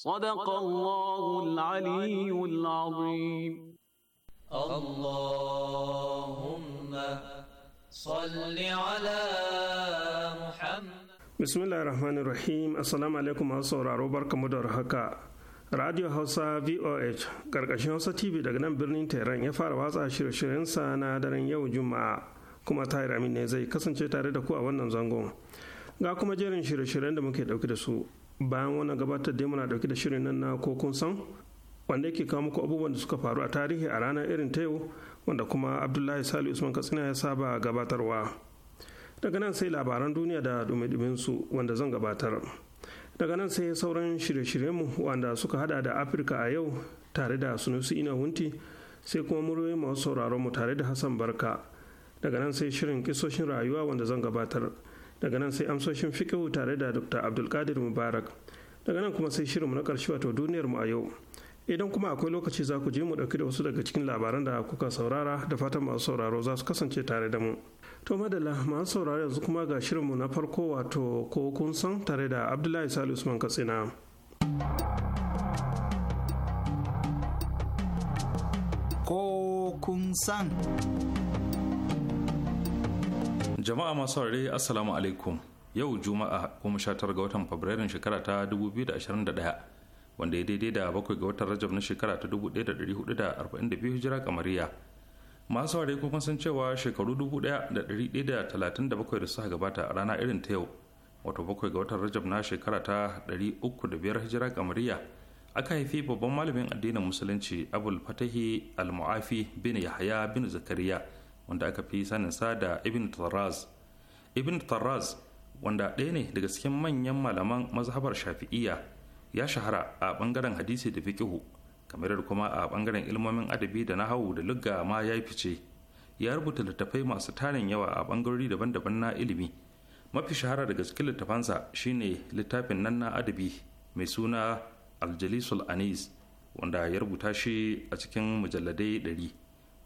صدق الله العلي العظيم اللهم صل على محمد bismillahir rahmanir rahim assalamu alaikum masu sauraro barkamu da haka radio hausa voh karkashin hausa tv daga nan birnin tehran ya fara watsa shirye-shiryensa na daren yau juma'a kuma tahir amin ne zai kasance tare da ku a wannan zangon ga kuma jerin shirye-shiryen da muke ɗauki da su bayan wannan gabatar da muna dauke da shirin nan na ko kun san wanda yake kawo muku abubuwan da suka faru a tarihi a ranar irin ta yau wanda kuma abdullahi sali usman katsina ya saba gabatarwa daga nan sai labaran duniya da dumi su wanda zan gabatar daga nan sai sauran shirye shiryen mu wanda suka hada da afirka a yau tare da sunusu ina hunti sai kuma muryoyi masu sauraron mu tare da hassan barka daga nan sai shirin kisoshin rayuwa wanda zan gabatar daga nan sai amsoshin fikihu tare da dr abdulkadir mubarak daga nan kuma sai shirinmu na karshe wato duniyar mu a yau idan kuma akwai lokaci za ku je mu ɗauki da wasu daga cikin labaran da kuka saurara da fatan masu sauraro za su kasance tare da mu to madalla masu sauraro yanzu kuma ga shirin mu na farko wato ko kun san tare da abdullahi Salisu usman katsina ko kun san jama'a masu saurare assalamu alaikum yau juma'a 19 ga watan fabrairun shekara ta 2021 wanda ya daidai da bakwai ga watan rajab na shekara ta 1442 hijira kamariya masu saurare kuma sun cewa shekaru 1137 da suka gabata a rana irin ta yau wato bakwai ga watan rajab na shekara ta 305 hijira kamariya aka haifi babban malamin addinin musulunci abul fatahi al-mu'afi bin yahaya bin zakariya wanda aka fi sanin sa da ibn tarraz ibn tarraz wanda ɗaya ne daga cikin manyan malaman mazhabar shafi'iyya ya shahara a ɓangaren hadisi da fikihu kamar da kuma a ɓangaren ilmomin adabi da nahawu da lugga ma ya yi fice ya rubuta littattafai masu tarin yawa a ɓangarori daban-daban na ilimi mafi shahara daga cikin littafansa shine littafin nan na adabi mai suna aljalisul anis wanda ya rubuta shi a cikin mujalladai ɗari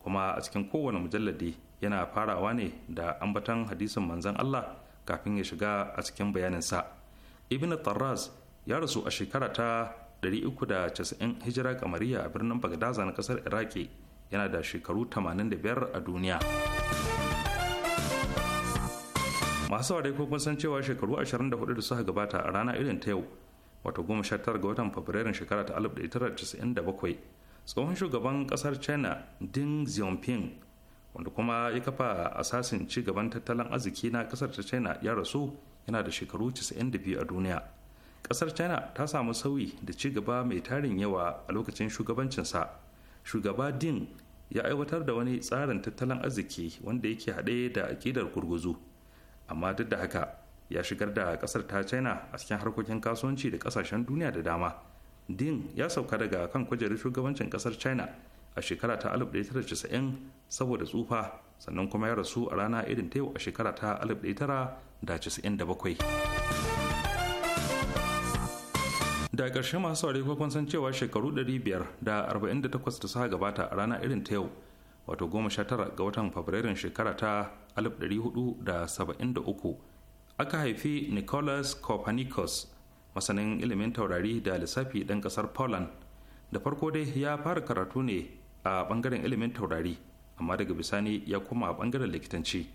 kuma a cikin kowane mujalladi yana farawa ne da ambaton hadisin manzon Allah kafin ya shiga a cikin bayaninsa ibn tarraz ya rasu a shekara ta 390 hijira kamariya a birnin bagdaza na kasar iraki yana da shekaru 85 a duniya masu saurari ko kun san cewa shekaru 24 da suka gabata a rana irin ta yau wato 19 ga watan fabrairun shekara ta 1997 tsohon shugaban kasar china ding xiaoping wanda kuma ya kafa asasin ci gaban tattalin arziki na kasar ta china ya rasu yana da shekaru 92 a duniya kasar china ta samu sauyi da ci gaba mai tarin yawa a lokacin shugabancinsa shugaba ding ya aiwatar da wani tsarin tattalin arziki wanda yake haɗe da akidar gurguzu amma duk da haka ya shigar da kasar ta china a cikin harkokin kasuwanci da kasashen duniya da dama din ya sauka daga kan kujerar shugabancin kasar china a shekara ta 1990 saboda tsufa sannan kuma ya rasu a rana irin ta yau a shekara ta 1997 da ƙarshe masu saurari kun san cewa shekaru 548 da suka gabata a rana irin ta yau wato 19 ga watan fabrairun shekara ta 1473 aka haifi nicholas copernicus masanin ilimin taurari da lissafi ɗan ƙasar poland da farko dai ya fara karatu ne a ɓangaren ilimin taurari amma daga bisani ya koma a ɓangaren likitanci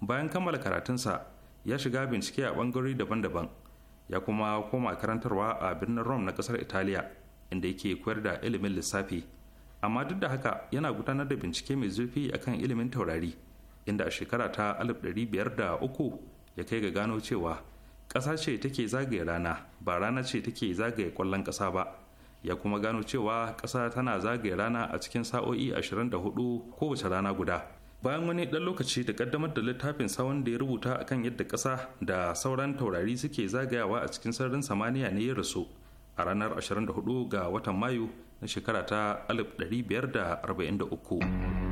bayan kammala karatunsa ya shiga bincike a ɓangarori daban-daban ya kuma koma karantarwa a birnin rome na ƙasar italiya inda yake koyar da ilimin lissafi amma duk da haka yana gudanar da bincike mai zurfi akan ilimin taurari inda a shekara ta 1503 ya kai ga gano cewa ƙasa ce take zagaye rana ba rana ce take zagaye ƙwallon ƙasa ba ya kuma gano cewa ƙasa tana zagaye rana a cikin sa'o'i 24 kowace rana guda bayan wani ɗan lokaci da ƙaddamar da littafin sawan da ya rubuta akan yadda ƙasa da sauran taurari suke zagayawa a cikin sararin samaniya ne ya rasu a ranar 24 ga watan mayu na shekara ta 1543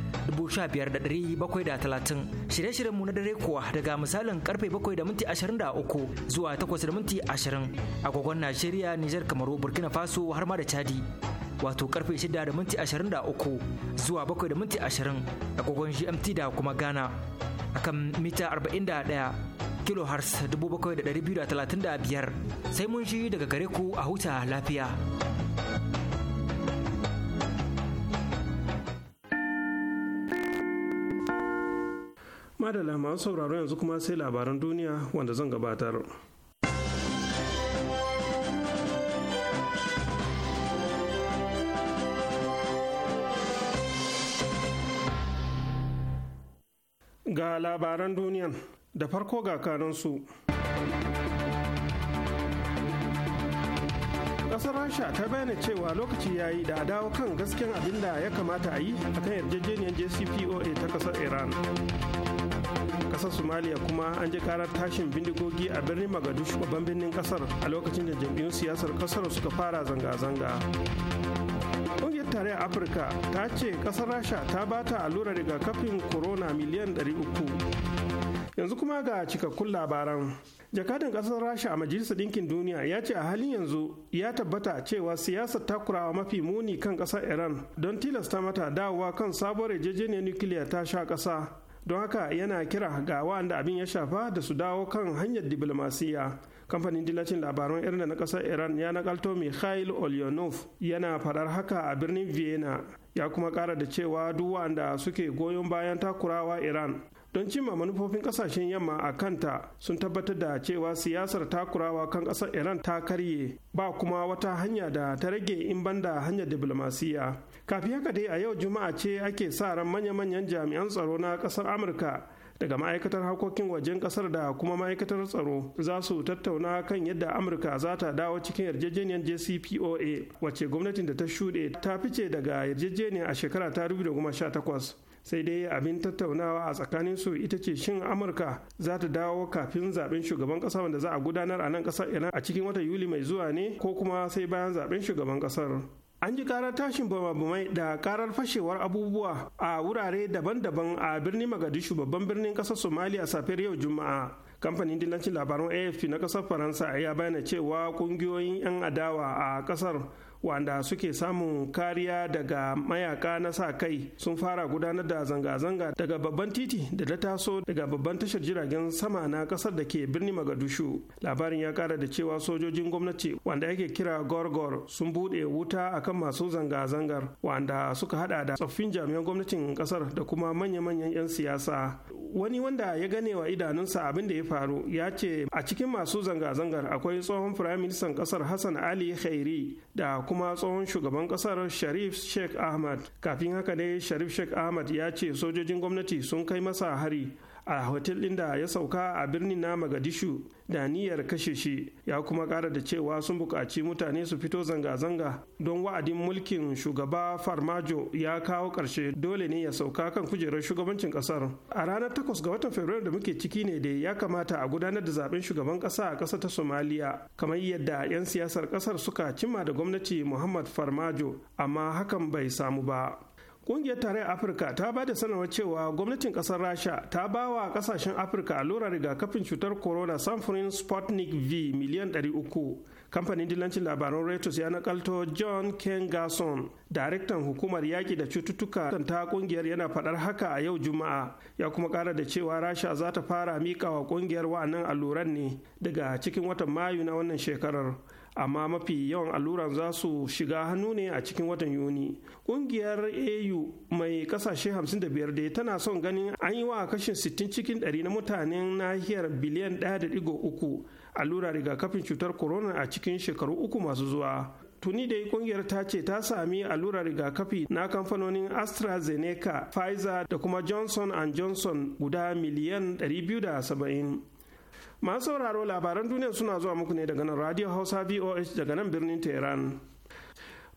talatin shirye-shiryen mu na dare kuwa daga misalin karfe bakwai da minti zuwa takwas da minti ashirin agogon Najeriya, Nijar, Kamaru, Burkina Faso har ma da Chadi. Wato karfe shida da minti uku zuwa bakwai da minti ashirin agogon GMT da kuma Ghana. Akan mita 41 kilohertz biyar sai mun shi daga gare ku a huta lafiya. madalla masu sauraro yanzu kuma sai labaran duniya wanda zan gabatar ga labaran duniyan da farko ga kanansu Ƙasar rasha ta bayyana cewa lokaci ya yi da dawo kan gasken abin da ya kamata a yi a kan yarjejeniyar jcpoa ta ƙasar iran kasar Somalia kuma an ji karar tashin bindigogi a birnin magadishu babban birnin kasar a lokacin da jam'iyyun siyasar kasar suka fara zanga-zanga ƙungiyar tarayyar afirka ta ce kasar rasha ta bata allurar rigakafin corona miliyan 300 yanzu kuma ga cikakkun labaran jakadan kasar rasha a majalisar ɗinkin duniya ya ce a halin yanzu ya tabbata cewa siyasar takurawa mafi muni kan ƙasar iran don tilasta mata dawowa kan sabuwar yarjejeniyar nukiliya ta sha ƙasa don haka yana kira ga waɗanda abin ya shafa da su dawo kan hanyar diplomasiya kamfanin dilacin labaran irin na kasar iran ya nakalto mikhail olyonov yana faɗar haka a birnin vienna ya kuma ƙara da cewa duk wa'anda suke goyon bayan takurawa iran don cimma manufofin kasashen yamma a kanta sun tabbatar da cewa siyasar takurawa kan ƙasar iran ta karye ba kuma wata hanya da ta rage in banda hanyar diplomasiya kafin haka dai a yau juma'a ce ake sa ran manya-manyan jami'an tsaro na kasar amurka daga ma'aikatar harkokin wajen kasar da kuma ma'aikatar tsaro za su tattauna kan yadda amurka za ta dawo cikin yarjejeniyar jcpoa wacce gwamnatin da ta shuɗe ta fice daga yarjejeniyar a shekara ta 2018 sai dai abin tattaunawa a tsakanin su ita ce shin amurka za ta dawo kafin zaben shugaban kasa wanda za a gudanar a nan kasar iran a cikin watan yuli mai zuwa ne ko kuma sai bayan zaben shugaban kasar an ji karar tashin bamabamai da karar fashewar abubuwa a wurare daban-daban a birnin magadishu babban birnin kasar somaliya safiyar yau juma'a kamfanin dillancin labaran afp na kasar faransa ya bayyana cewa kungiyoyin 'yan adawa a kasar wanda suke samun kariya daga mayaka na sa kai sun fara gudanar da zanga-zanga daga babban titi da ta taso daga babban tashar jiragen sama na kasar da ke birnin magadushu labarin ya kara da cewa sojojin gwamnati wanda ake kira gorgor sun bude wuta akan masu zanga-zangar wanda suka hada da tsoffin jami'an gwamnatin kasar da kuma manya-manyan 'yan siyasa wani wanda ya gane wa idanunsa abin da ya faru ya ce a cikin masu zanga-zangar akwai tsohon Firayim Ministan kasar hassan ali khairi da kuma tsohon shugaban kasar sharif sheikh ahmad kafin haka ne sharif sheikh ahmad ya ce sojojin gwamnati sun kai masa hari a hotel ɗin da ya sauka a birnin na Magadishu da niyyar kashe shi ya kuma ƙara da cewa sun buƙaci mutane su fito zanga-zanga don wa'adin mulkin shugaba Farmajo ya kawo ƙarshe dole ne ya sauka kan kujerar shugabancin ƙasar. A ranar takwas ga watan Fabrairu da muke ciki ne da ya kamata a gudanar da zaɓen shugaban ƙasa a ƙasa ta Somaliya kamar yadda 'yan siyasar ƙasar suka cimma da gwamnati Muhammad Farmajo amma hakan bai samu ba. Ƙungiyar Tarayyar Afirka ta ba da sanarwar cewa gwamnatin ƙasar Rasha ta ba wa ƙasashen Afirka allurar rigakafin cutar corona samfurin Sputnik V miliyan 300. Kamfanin dilancin labaran Reuters ya nakalto John Ken Garson, daraktan hukumar yaƙi da cututtuka ta ƙungiyar yana faɗar haka a yau Juma'a. Ya kuma ƙara da cewa Rasha za ta fara miƙa wa ƙungiyar wa'annan alluran ne daga cikin watan Mayu na wannan shekarar. amma mafi yawan alluran za su shiga hannu ne a cikin watan yuni ƙungiyar au mai ƙasashe 55 dai tana son ganin an yi wa kashin 60 cikin 100 na mutanen nahiyar biliyan 1.3 allura rigakafin cutar corona a cikin shekaru uku masu zuwa tuni dai kungiyar ta ce ta sami allurar rigakafi na kamfanonin astrazeneca pfizer da kuma johnson johnson guda miliyan 270 masu sauraro labaran duniya suna zuwa muku ne daga nan radio hausa voh daga nan birnin tehran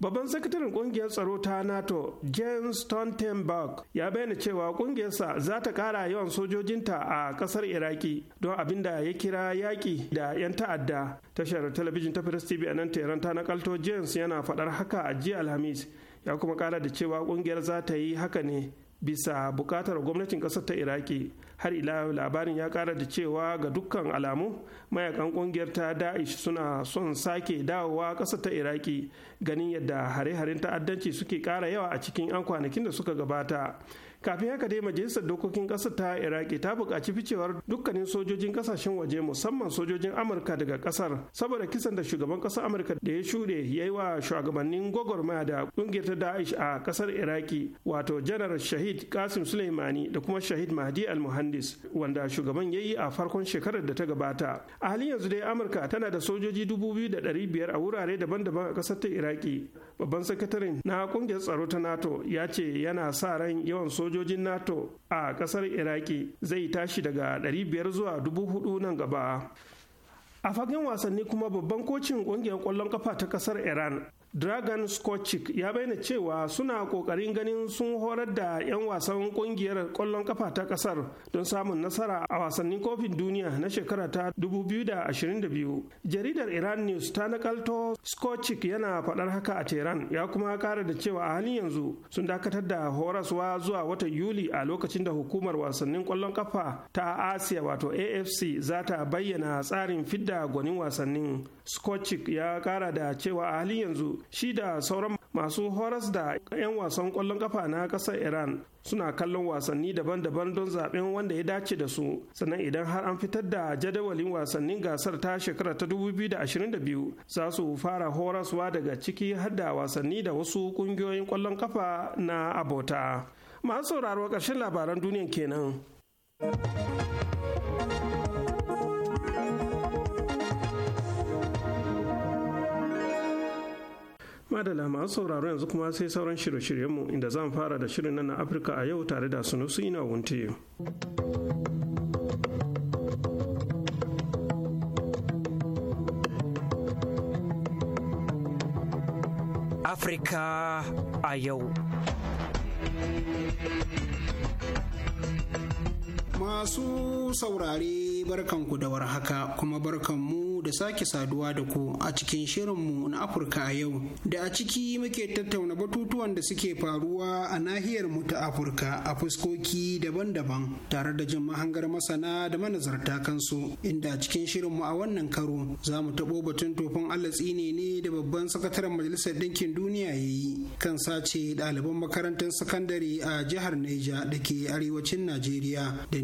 Babban sakataren kungiyar tsaro ta NATO, James Stoltenberg, ya bayyana cewa kungiyarsa za ta ƙara yawan sojojinta a ƙasar Iraki don abin da ya kira yaƙi da 'yan ta'adda. Tashar talabijin ta Press TV a nan Tehran ta nakalto James yana faɗar haka a jiya Alhamis. Ya kuma ƙara da cewa kungiyar za ta yi haka ne bisa bukatar gwamnatin kasar ta iraki har ila labarin ya kara da cewa ga dukkan alamu mayakan kungiyar ta da'ish suna son sake dawowa kasar ta iraki ganin yadda hare-haren ta'addanci suke kara yawa a cikin 'yan kwanakin da suka gabata kafin haka dai majalisar dokokin ƙasar ta iraki ta buƙaci ficewar dukkanin sojojin ƙasashen waje musamman sojojin amurka daga ƙasar saboda kisan da shugaban ƙasar amurka da ya shuɗe ya yi wa shugabannin gwagwarmaya da ƙungiyar ta da'ish a ƙasar iraki wato janar shahid kasim suleimani da kuma shahid mahdi al-muhandis wanda shugaban ya yi a farkon shekarar da ta gabata a halin yanzu dai amurka tana da sojoji dubu biyu da ɗari biyar a wurare daban-daban a ƙasar ta iraki babban sakataren na ƙungiyar tsaro ta nato ya ce yana sa ran yawan sojoji sojojin nato a kasar iraki zai tashi daga 500 zuwa 4,000 nan gaba a fagen wasanni kuma babban kocin ƙungiyar ƙwallon kafa ta kasar iran Dragan Skocic ya bayyana cewa suna kokarin ganin sun horar da 'yan wasan ƙungiyar ƙwallon kafa ta ƙasar don samun nasara a wasannin kofin duniya na shekara ta 2022. Jaridar Iran News ta nakalto Skocic yana faɗar haka a Tehran ya kuma kara da cewa a halin yanzu sun dakatar da horaswa zuwa watan Yuli a lokacin da hukumar wasannin kwallon kafa ta Asiya wato AFC za ta bayyana tsarin fidda gwanin wasannin. Skocic ya kara da cewa a halin yanzu shi da sauran masu horas da 'yan wasan kwallon kafa na ƙasar iran suna kallon wasanni daban-daban don zaben wanda ya dace da su sannan idan har an fitar da jadawalin wasannin gasar ta shekara ta 2022 za su fara horaswa daga ciki har da wasanni da wasu kungiyoyin kwallon kafa na abota masu sauraro ƙarshen labaran duniya kenan madala masu sauraro yanzu kuma sai sauran shirye-shiryenmu inda zan fara da shirin nan na afirka a yau tare da sunusu ina wunte afirka a yau Masu saurare barkanku da warhaka kuma barkanmu da sake saduwa da ku a cikin shirinmu na Afirka a yau. Da a ciki muke tattauna batutuwan da suke faruwa a nahiyar mu ta Afirka a fuskoki daban-daban tare da jin mahangar masana da manazarta kansu inda a cikin shirinmu a wannan karo za mu taɓo batun tofin Allah tsine ne da babban sakataren Majalisar Ɗinkin Duniya ya yi kan sace ɗaliban makarantar sakandare a jihar Neja da ke arewacin Najeriya da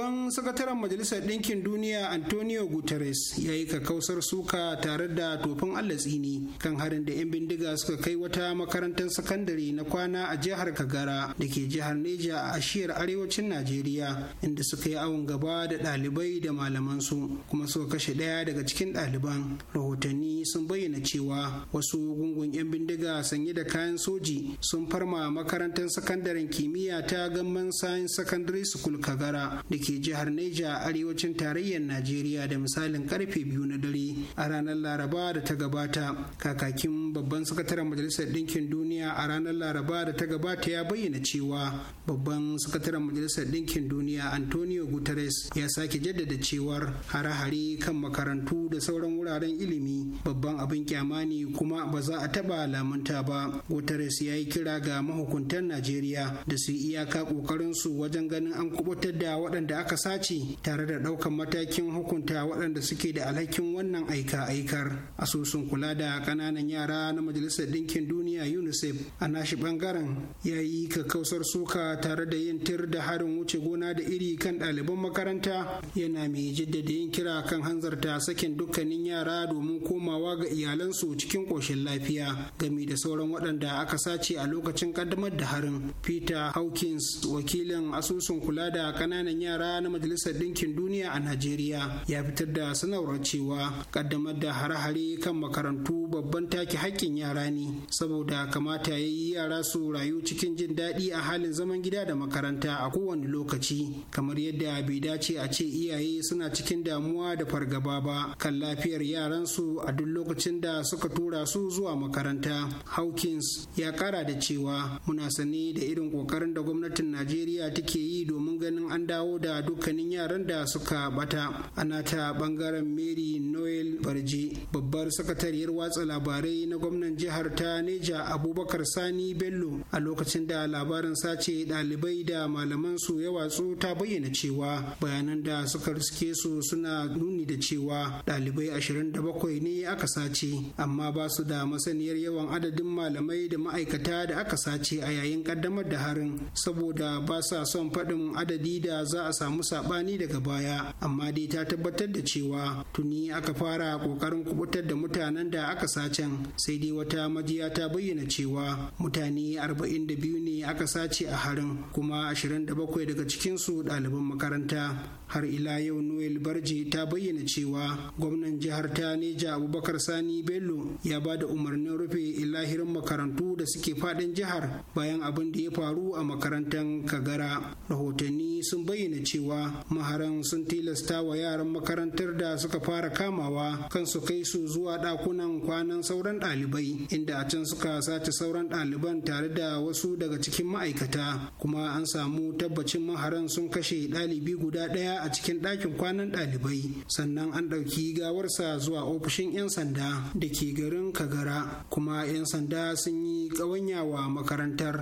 babban sakataren majalisar ɗinkin duniya antonio guterres ya yi kakausar suka tare da tofin Allah tsini kan harin da 'yan bindiga suka kai wata makarantar sakandare na kwana a jihar kagara da ke jihar neja a ashiyar arewacin najeriya inda suka yi awon gaba da ɗalibai da malamansu kuma suka kashe ɗaya daga cikin ɗaliban rahotanni sun bayyana cewa wasu gungun 'yan bindiga sanye da kayan soji sun farma makarantar sakandaren kimiyya ta gamman science secondary school kagara da ke ke jihar Neja arewacin tarayyar Najeriya da misalin karfe biyu na dare a ranar Laraba da ta gabata. Kakakin babban sakataren Majalisar Ɗinkin Duniya a ranar Laraba da ta gabata ya bayyana cewa babban sakataren Majalisar Ɗinkin Duniya Antonio Guterres ya sake jaddada cewar hare-hare kan makarantu da sauran wuraren ilimi babban abin kyama ne kuma ba za a taɓa lamunta ba. Guterres ya yi kira ga mahukuntan Najeriya da su iyaka ƙoƙarinsu wajen ganin an kubutar da waɗanda da aka sace tare da ɗaukan matakin hukunta waɗanda suke da alhakin wannan aika-aikar asusun kula da ƙananan yara na majalisar ɗinkin duniya unicef a nashi ɓangaren ya yi kakkausar suka tare da yin tir da harin wuce gona da iri kan ɗaliban makaranta yana mai jaddada yin kira kan hanzarta sakin dukkanin yara domin komawa ga iyalansu cikin ƙoshin lafiya game da sauran waɗanda aka sace a lokacin ƙaddamar da harin peter hawkins wakilin asusun kula da ƙananan yara yara na majalisar ɗinkin duniya a najeriya ya fitar da sanarwar cewa kaddamar da hare-hare kan makarantu babban take haƙƙin yara ne saboda kamata ya yi yara su rayu cikin jin daɗi a halin zaman gida da makaranta a kowane lokaci kamar yadda bai dace a ce iyaye suna cikin damuwa da fargaba ba kan lafiyar yaran su a duk lokacin da suka tura su zuwa makaranta hawkins ya kara da cewa muna sane da irin kokarin da gwamnatin najeriya take yi domin ganin an dawo da da dukkanin yaran da suka bata ana ta bangaren mary noel barji babbar sakatariyar watsa labarai na gwamnan jihar ta neja abubakar sani bello a lokacin da labarin sace dalibai da malaman su ya watsu ta bayyana cewa bayanan da suka riske su suna nuni da cewa ɗalibai 27 ne aka sace amma ba su da masaniyar yawan adadin malamai da ma'aikata da aka sace a yayin kaddamar da harin saboda ba sa son faɗin adadi da za a samu sabani daga baya amma dai ta tabbatar da cewa tuni aka fara kokarin kubutar da mutanen da aka sacen sai dai wata majiya ta bayyana cewa mutane 42 ne aka sace a harin kuma 27 daga cikinsu ɗaliban makaranta har ila yau noel barji ta bayyana cewa gwamnan jihar ta neja abubakar sani bello ya ba da umarnin rufe ilahirin makarantu da suke fadin jihar bayan abin da ya faru a makarantar kagara rahotanni sun bayyana cewa maharan sun tilasta wa yaran makarantar da suka fara kamawa kan su kai su zuwa dakunan kwanan sauran ɗalibai inda a can suka sace sauran ɗaliban tare da wasu daga cikin ma'aikata kuma an samu tabbacin maharan sun kashe ɗalibi guda ɗaya a cikin ɗakin kwanan ɗalibai sannan an ɗauki gawarsa zuwa ofishin 'yan sanda da ke garin kagara kuma 'yan sanda sun yi ƙawanya wa makarantar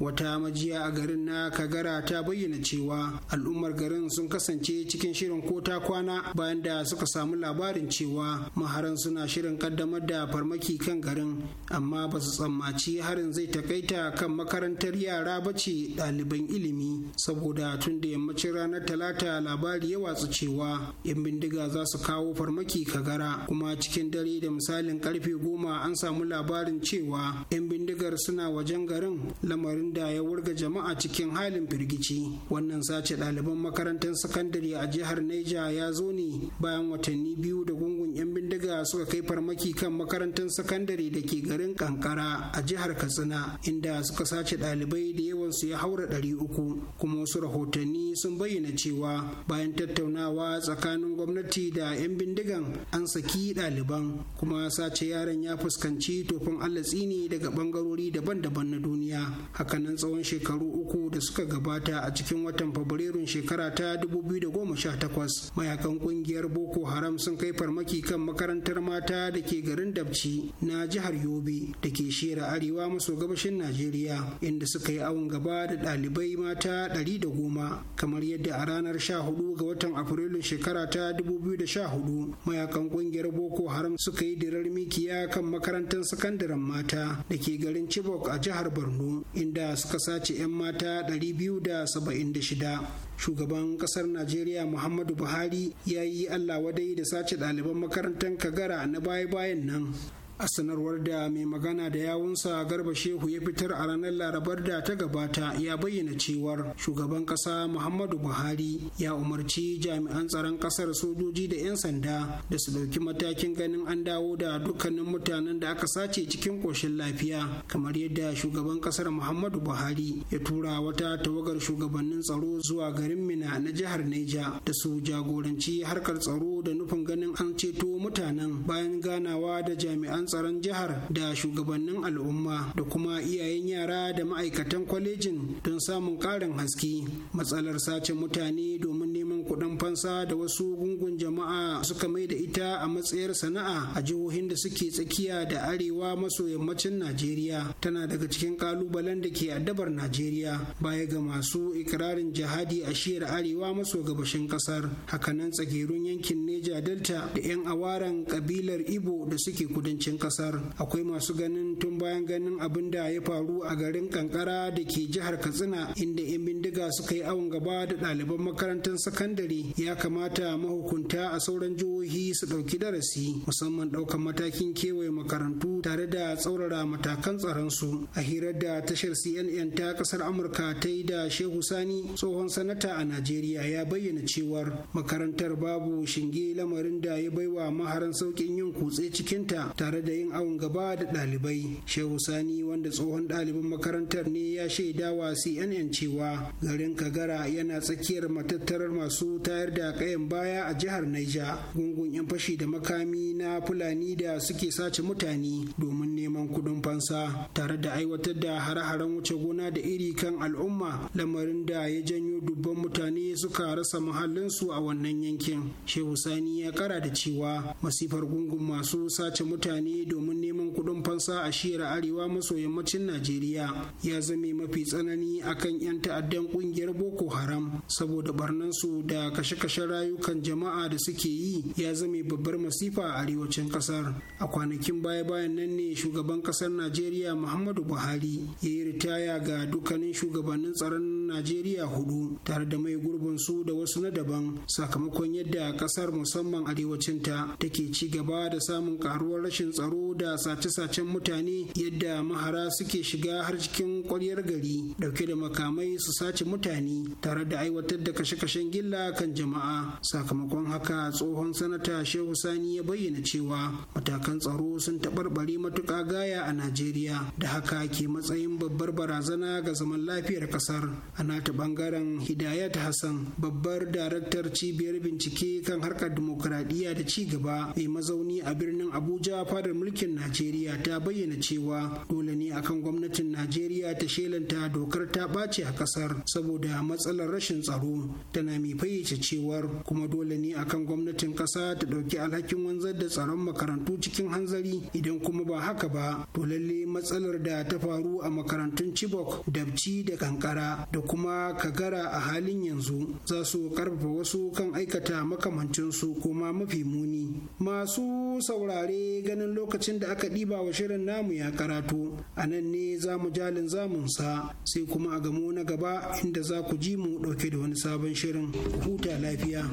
wata majiya a garin na kagara ta bayyana cewa al'ummar garin sun kasance cikin shirin ko ta kwana bayan da suka samu labarin cewa maharan suna shirin kaddamar da farmaki kan garin amma ba su tsammaci harin zai takaita kan makarantar yara ba ce ɗaliban ilimi saboda tun da yammacin ranar talata labari ya watsu cewa 'yan bindiga za su kawo farmaki kagara kuma cikin dare da misalin karfe goma an samu labarin cewa 'yan bindigar suna wajen garin lamarin inda ya wurga jama'a cikin halin firgici wannan sace ɗaliban makarantar sakandare a jihar neja ya zo ne bayan watanni biyu da gungun 'yan bindiga suka kai farmaki kan makarantar sakandare da ke garin kankara a jihar katsina inda suka sace ɗalibai da yawa su ya haura ɗari uku kuma wasu rahotanni sun bayyana cewa bayan tattaunawa tsakanin gwamnati da 'yan bindigan an saki ɗaliban kuma sace yaron ya fuskanci tofin Allah ne daga ɓangarori daban-daban na duniya hakanan tsawon shekaru uku da suka gabata a cikin watan fabrairun shekara ta dubu biyu da goma sha takwas mayakan kungiyar boko haram sun kai farmaki kan makarantar mata da ke garin dabci na jihar yobe da ke shera arewa maso gabashin najeriya inda suka yi awon gaba gaba da ɗalibai mata 110 kamar yadda a ranar 14 ga watan afrilun shekara ta 2014 mayakan ƙungiyar boko haram suka yi dirar mikiya kan makarantar sakandaren mata da ke garin chibok a jihar borno inda suka sace 'yan mata 276 shugaban kasar najeriya muhammadu buhari ya yi allah wadai da sace ɗaliban makarantar kagara na baya-bayan nan a sanarwar da mai magana da yawunsa garba shehu ya fitar a ranar larabar da ta gabata ya bayyana cewar shugaban kasa muhammadu buhari ya umarci jami'an tsaron kasar sojoji da 'yan sanda da su ɗauki matakin ganin an dawo da dukkanin mutanen da aka sace cikin ƙoshin lafiya kamar yadda shugaban kasar muhammadu buhari ya tura wata tawagar shugabannin tsaro zuwa garin mina na jihar neja da su jagoranci harkar tsaro da nufin ganin an ceto mutanen bayan ganawa da jami'an tsaron jihar da shugabannin al'umma da kuma iyayen yara da ma'aikatan kwalejin don samun ƙarin haske matsalar sace mutane domin neman kuɗin fansa da wasu gungun jama'a suka mai da ita a matsayar sana'a a jihohin da suke tsakiya da arewa maso yammacin najeriya tana daga cikin kalubalen da ke addabar najeriya baya ga masu ikirarin jihadi a shiyar arewa maso gabashin ƙasar hakanan tsagerun yankin neja delta da 'yan awaran kabilar ibo da suke kudancin kasar akwai masu ganin tun bayan ganin abin da ya faru a garin kankara da ke jihar katsina inda 'yan bindiga suka yi awon gaba da ɗaliban makarantar sakandare ya kamata mahukunta a sauran jihohi su ɗauki darasi musamman ɗaukar matakin kewaye makarantu tare da tsaurara matakan tsaron su a hirar da tashar cnn ta kasar amurka ta yi da shehu sani tsohon sanata a najeriya ya bayyana cewar makarantar babu shinge lamarin da ya baiwa maharan sauƙin yin kutse cikinta tare da da yin awon gaba da ɗalibai shehu sani wanda tsohon ɗaliban makarantar ne ya shaida wa cnn cewa garin kagara yana tsakiyar matattarar masu tayar da kayan baya a jihar naija gungun 'yan fashi da makami na fulani da suke sace mutane domin neman kuɗin fansa tare da aiwatar da hare-haren wuce gona da iri kan al'umma lamarin da ya janyo dubban mutane suka rasa muhallinsu a wannan yankin shehu sani ya kara da cewa masifar gungun masu sace mutane ne domin neman kuɗin fansa a shiyar arewa maso yammacin najeriya ya zame mafi tsanani akan 'yan ta'addan ƙungiyar boko haram saboda barnansu da kashe-kashen rayukan jama'a da suke yi ya zame babbar masifa a arewacin ƙasar a kwanakin baya-bayan nan ne shugaban ƙasar najeriya muhammadu buhari ya yi ritaya ga dukkanin shugabannin tsaron najeriya hudu tare da mai gurbin su da wasu na daban sakamakon yadda ƙasar musamman arewacin ta. take ci gaba da samun karuwar rashin tsaro da sace-sacen mutane yadda mahara suke shiga har cikin kwaryar gari dauke da makamai su sace mutane tare da aiwatar da kashe-kashen gilla kan jama'a sakamakon haka tsohon sanata shehu sani ya bayyana cewa matakan tsaro sun taɓarɓare matuƙa gaya a najeriya da haka ke matsayin babbar barazana ga zaman lafiyar ƙasar a nata ɓangaren hidayat hassan babbar daraktar cibiyar bincike kan harkar dimokuraɗiyya da ci gaba mai mazauni a birnin abuja fadar kare mulkin najeriya ta bayyana cewa dole ne akan gwamnatin najeriya ta shelanta dokar ta ɓace a ƙasar saboda matsalar rashin tsaro tana mai fayyace cewar kuma dole ne akan gwamnatin ƙasa ta ɗauki alhakin wanzar da tsaron makarantu cikin hanzari idan kuma ba haka ba to lalle matsalar da ta faru a makarantun chibok dabci da kankara da kuma kagara a halin yanzu za su karfafa wasu kan aikata makamancinsu kuma mafi muni masu saurare ganin lokacin da aka ɗiba wa shirin namu ya karatu a nan ne za mu jalin zamunsa sai kuma a gamo na gaba inda za ku ji mu ɗauke da wani sabon shirin huta lafiya.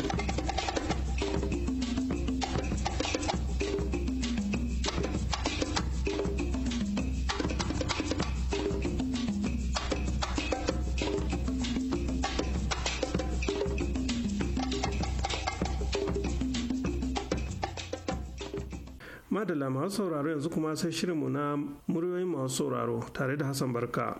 da masu sauraro yanzu kuma sai shirinmu na muryoyin masu sauraro tare da hassan barka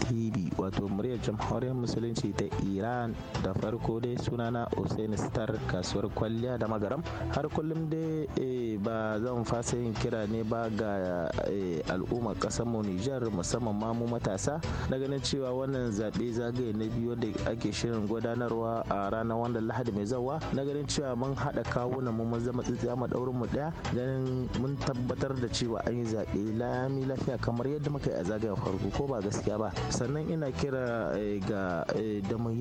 tv wato muryar jamhuriyar musulunci ta iran da farko dai sunana hussein star kasuwar kwalliya da magaram har kullum dai eh, ba zan fasa yin kira ne ba ga eh, al'ummar kasar mu nijar musamman ma mu matasa na ganin cewa wannan zaɓe zagaye na biyu da ake shirin gudanarwa a ranar wanda lahadi mai zawa na ganin cewa mun haɗa kawunan mu mun zama tsitsiya mu mu ɗaya ganin mun tabbatar da cewa an yi zaɓe lami lafiya kamar yadda muka yi a zagayen farko ko ba gaskiya ba sannan ina kira eh, ga eh, da mu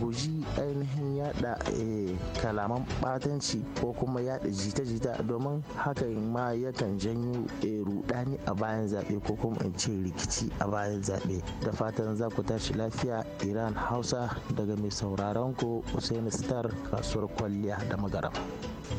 guji ainihin yada eh, kalaman batanci ko kuma yada jita-jita domin hakan ma yakan janyo rudani a bayan zabe ko kuma in ce rikici a bayan zaɓe da fatan za ku tashi lafiya iran hausa daga mai sauraron ku usaini star kasuwar kwalliya da magarab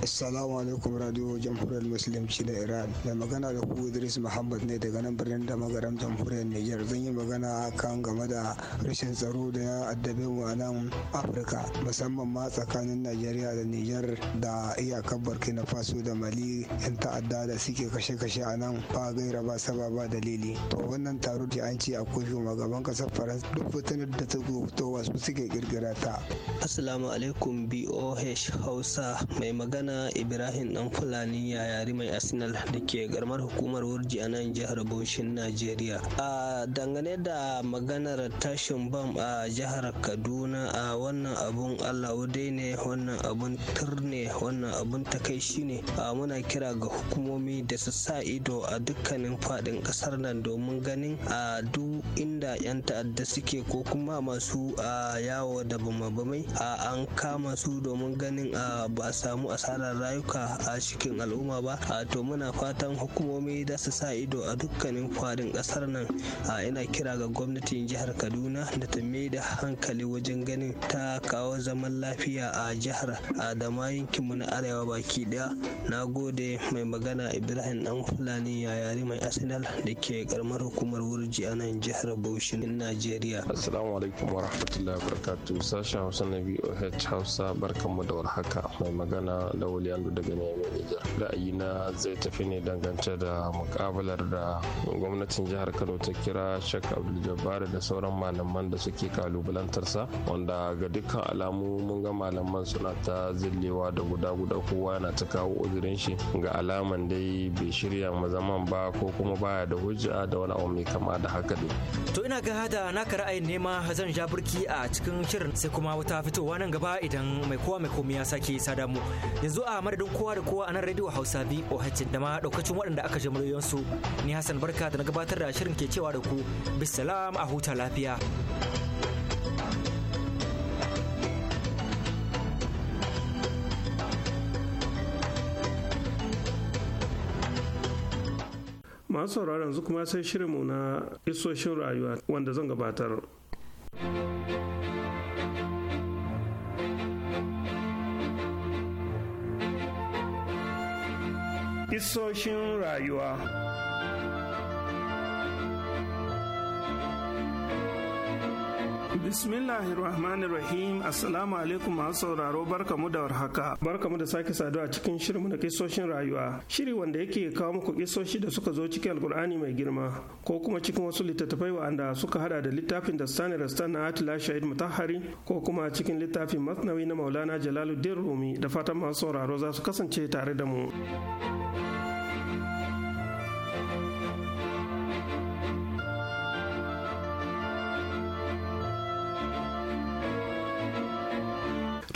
assalamu alaikum radio jamhuriyar musulunci da iran mai magana da ku idris muhammad ne daga nan birnin da magaram jamhuriyar niger zan yi magana magana kan game da rashin tsaro da ya addabe mu a nan afirka musamman ma tsakanin najeriya da niger da iyakar burkina faso da mali yan ta'adda da suke kashe-kashe a nan ba gaira ba saba ba dalili to wannan taro da an ce a akwai gaban kasar faransa duk fitinar da ta to wasu suke kirkira ta assalamu alaikum boh hausa mai magana ibrahim dan fulani yari mai arsenal da ke garmar hukumar wurji a nan jihar bauchin najeriya a dangane da a maganar tashin bam a jihar kaduna a wannan abun allah dai ne wannan abun turne wannan abun takaici ne a muna kira ga hukumomi da su sa ido a dukkanin fadin kasar nan domin ganin a duk inda 'yan ta'adda suke ko kuma masu a yawo da bama a an kama su domin ganin a ba a samu asarar rayuka a cikin al'umma ba a to muna fatan hukumomi da su sa ido a dukkanin fadin kasar nan a ina kira ga gwamnatin jihar kaduna da ta mai da hankali wajen ganin ta kawo zaman lafiya a jihar adama yankinmu na arewa baki ɗaya. na gode mai magana ibrahim dan fulani yayari mai arsenal da ke karamar hukumar wurji a nan jihar bauchi najeriya assalamu alaikum wa rahmatullahi barakatu sashen hausa na voh hausa barkanmu da warhaka mai magana da wuliyandu daga neman ra'ayina zai tafi ne dangance da mukabalar da gwamnatin jihar kano ta kira shek abdul abdul da sauran malaman da suke kalubalantarsa wanda ga dukkan alamu mun ga malaman suna ta zillewa da guda guda kowa na ta kawo uzurin shi ga alaman dai bai shirya mu zaman ba ko kuma baya da hujja da wani abu mai kama da haka dai to ina ga hada na naka ra'ayin nema zan ja burki a cikin shirin sai kuma wata fitowa nan gaba idan mai kowa mai komai ya sake sada mu yanzu a madadin kowa da kowa a nan radio hausa voh da ma daukacin waɗanda aka ji muryoyinsu ni hassan barka da na gabatar da shirin ke cewa da ku bisa salam a huta lafiya. masu sauraron yanzu kuma sai shirinmu na isoshin rayuwa wanda zan gabatar. Isoshin rayuwa rahim Assalamu alaikum masu sauraro barka mu da warhaka. barka mu da sake saduwa a cikin shirinmu na kisoshin rayuwa. Shiri wanda yake kawo muku kisoshi da suka zo cikin Alkur'ani mai girma ko kuma cikin wasu littattafai wanda suka hada da littafin da Sani Rastan na Atila Shahid Mutahari ko kuma cikin littafin Masnawi na Maulana Jalaluddin Rumi da fatan masu sauraro za su kasance tare da mu.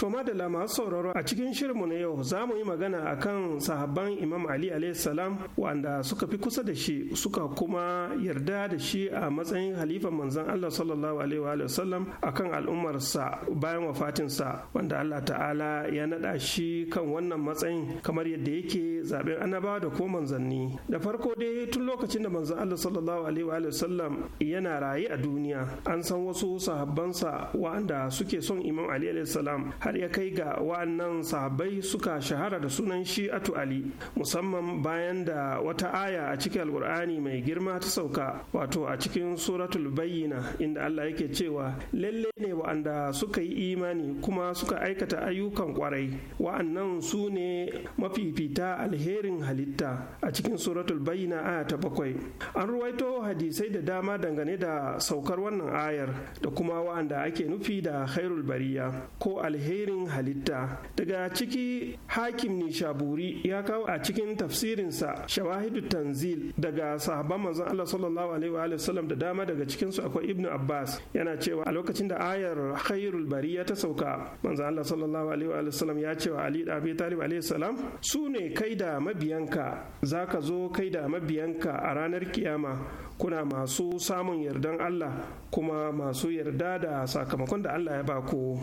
To da masu sauraro a cikin shirinmu na yau za mu yi magana a kan sahabban Imam Ali salam wanda suka fi kusa da shi suka kuma yarda da shi a matsayin halifan Manzan Allah sallallahu alaihi wa sallam akan al'ummarsa bayan wafatinsa wanda Allah ta'ala ya naɗa shi kan wannan matsayin kamar yadda yake zaɓen annabawa da ko manzanni. Da farko dai tun lokacin da Manzan Allah sallallahu alaihi wa yana raye a duniya an san wasu sahabbansa wa'anda suke son Imam Ali salam har ya kai ga wa'annan sahabbai suka shahara da sunan shi'atu ali musamman bayan da wata aya a cikin alkur'ani mai girma ta sauka wato a cikin suratul bayyina inda allah yake cewa lalle ne wa'anda suka yi imani kuma suka aikata ayyukan kwarai wa'annan su ne mafifita alherin halitta a cikin suratul bayyina aya ta bakwai an ruwaito hadisai da dama dangane da saukar wannan ayar da kuma wa'anda ake nufi da khairul bariya ko alheri tasirin halitta daga ciki hakim nishaburi ya kawo a cikin tafsirinsa shawahidu tanzil daga sahabban manzon Allah sallallahu alaihi wa sallam da dama daga cikinsu akwai ibnu abbas yana cewa a lokacin da ayar khairul bariya ta sauka manzon Allah sallallahu alaihi wa sallam ya cewa ali da abi talib alaihi salam su ne kai da mabiyanka zaka zo kai da mabiyanka a ranar kiyama kuna masu samun yardan Allah kuma masu yarda da sakamakon da Allah ya ba ku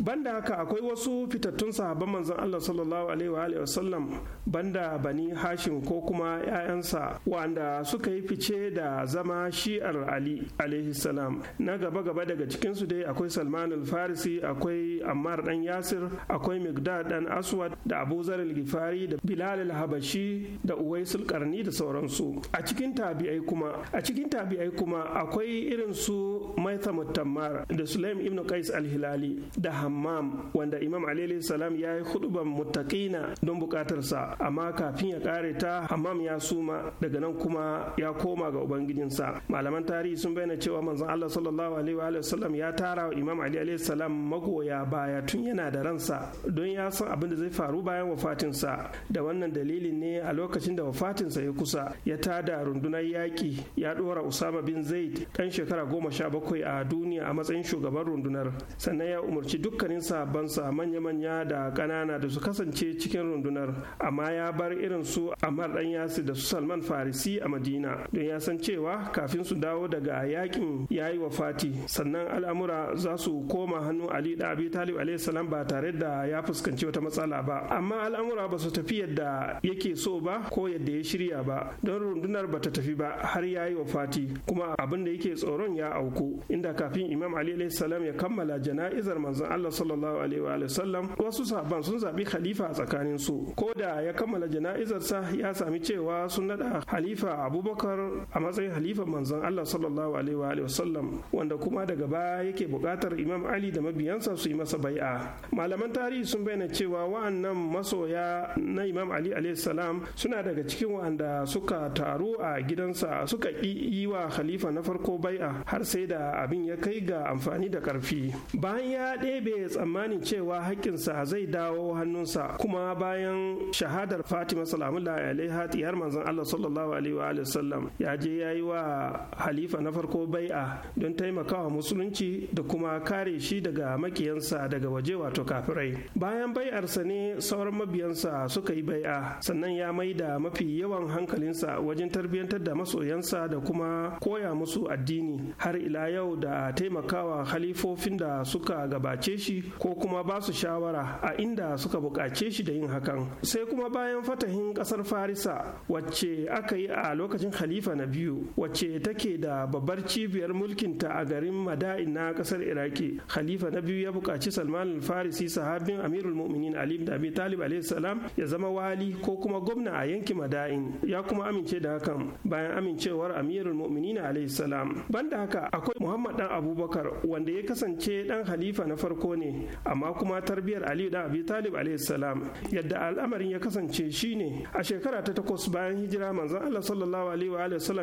banda haka akwai wasu fitattun sahabban manzon Allah sallallahu alaihi wa alihi wasallam banda bani hashim ko kuma 'ya'yansa. wanda suka yi fice da zama shi'ar ali alaihi salam na gaba gaba daga cikin su dai akwai salman al-farisi akwai ammar dan yasir akwai migdad dan aswad da abu zar gifari da bilal al-habashi da uwaisul qarni da sauransu a cikin tabi'ai kuma a cikin tabi'ai kuma akwai irin su maithamut tammar da sulaim ibn qais al-hilali da hammam wanda imam alaihi salam ya yi hudubar muttaqina don bukatarsa amma kafin ya kare ta hammam ya suma daga nan kuma ya koma ga ubangijinsa malaman tarihi sun bayyana cewa manzon Allah sallallahu alaihi wa sallam ya tara wa imam ali alaihi salam magoya baya tun yana da ransa don ya san abin da zai faru bayan wafatinsa da wannan dalilin ne a lokacin da wafatinsa ya kusa ya tada rundunar yaƙi ya ɗora usama bin zaid ɗan shekara goma sha bakwai a duniya a matsayin shugaban rundunar sannan ya umarci duk dukkanin sabansa manya-manya da ƙanana da su kasance cikin rundunar amma ya bar irin su Ammar dan yasi da su Salman Farisi a Madina don ya san cewa kafin su dawo daga yakin yi wa Fati sannan al'amura za su koma hannu Ali da Abi Talib alayhi salam ba tare da ya fuskanci wata matsala ba amma al'amura ba su tafi yadda yake so ba ko yadda ya shirya ba don rundunar ba ta tafi ba har ya yi wa Fati kuma abin da yake tsoron ya auku inda kafin Imam Ali alayhi salam ya kammala jana'izar manzon Allah Allah sallallahu alaihi wa sallam wasu sahaban sun zabi khalifa a tsakanin su ko da ya kammala jana'izarsa ya sami cewa sun nada halifa Abubakar a matsayin khalifa manzon Allah sallallahu alaihi wa sallam wanda kuma daga baya yake buƙatar Imam Ali da mabiyansa su yi masa bai'a malaman tarihi sun bayyana cewa wa'annan masoya na Imam Ali alaihi salam suna daga cikin wanda suka taru a gidansa suka yi wa khalifa na farko bai'a har sai da abin ya kai ga amfani da karfi bayan ya ɗebe yake tsammanin cewa haƙƙinsa zai dawo hannunsa kuma bayan shahadar fatima salamullahi alaiha tiyar manzon allah sallallahu alaihi wa sallam ya je ya yi wa halifa na farko bai'a don taimakawa musulunci da kuma kare shi daga makiyansa daga waje wato kafirai bayan bai'arsa ne sauran mabiyansa suka yi bai'a sannan ya mai da mafi yawan hankalinsa wajen tarbiyyantar da masoyansa da kuma koya musu addini har ila yau da taimakawa halifofin da suka gabace shi shi ko kuma ba su shawara a inda suka buƙace shi da yin hakan sai kuma bayan fatahin ƙasar farisa wacce aka yi a lokacin khalifa na biyu wacce take da babbar cibiyar mulkinta a garin mada'in na ƙasar iraki khalifa na biyu ya buƙaci salman farisi sahabin amirul mu'minin ali da abi talib salam ya zama wali ko kuma gwamna a yanki mada'in ya kuma amince da hakan bayan amincewar amirul mu'minin salam banda haka akwai muhammad dan abubakar wanda ya kasance dan khalifa na farko farko ne amma kuma tarbiyar ali da abi talib salam yadda al'amarin ya kasance shine a shekara ta takwas bayan hijira manzon allah sallallahu alaihi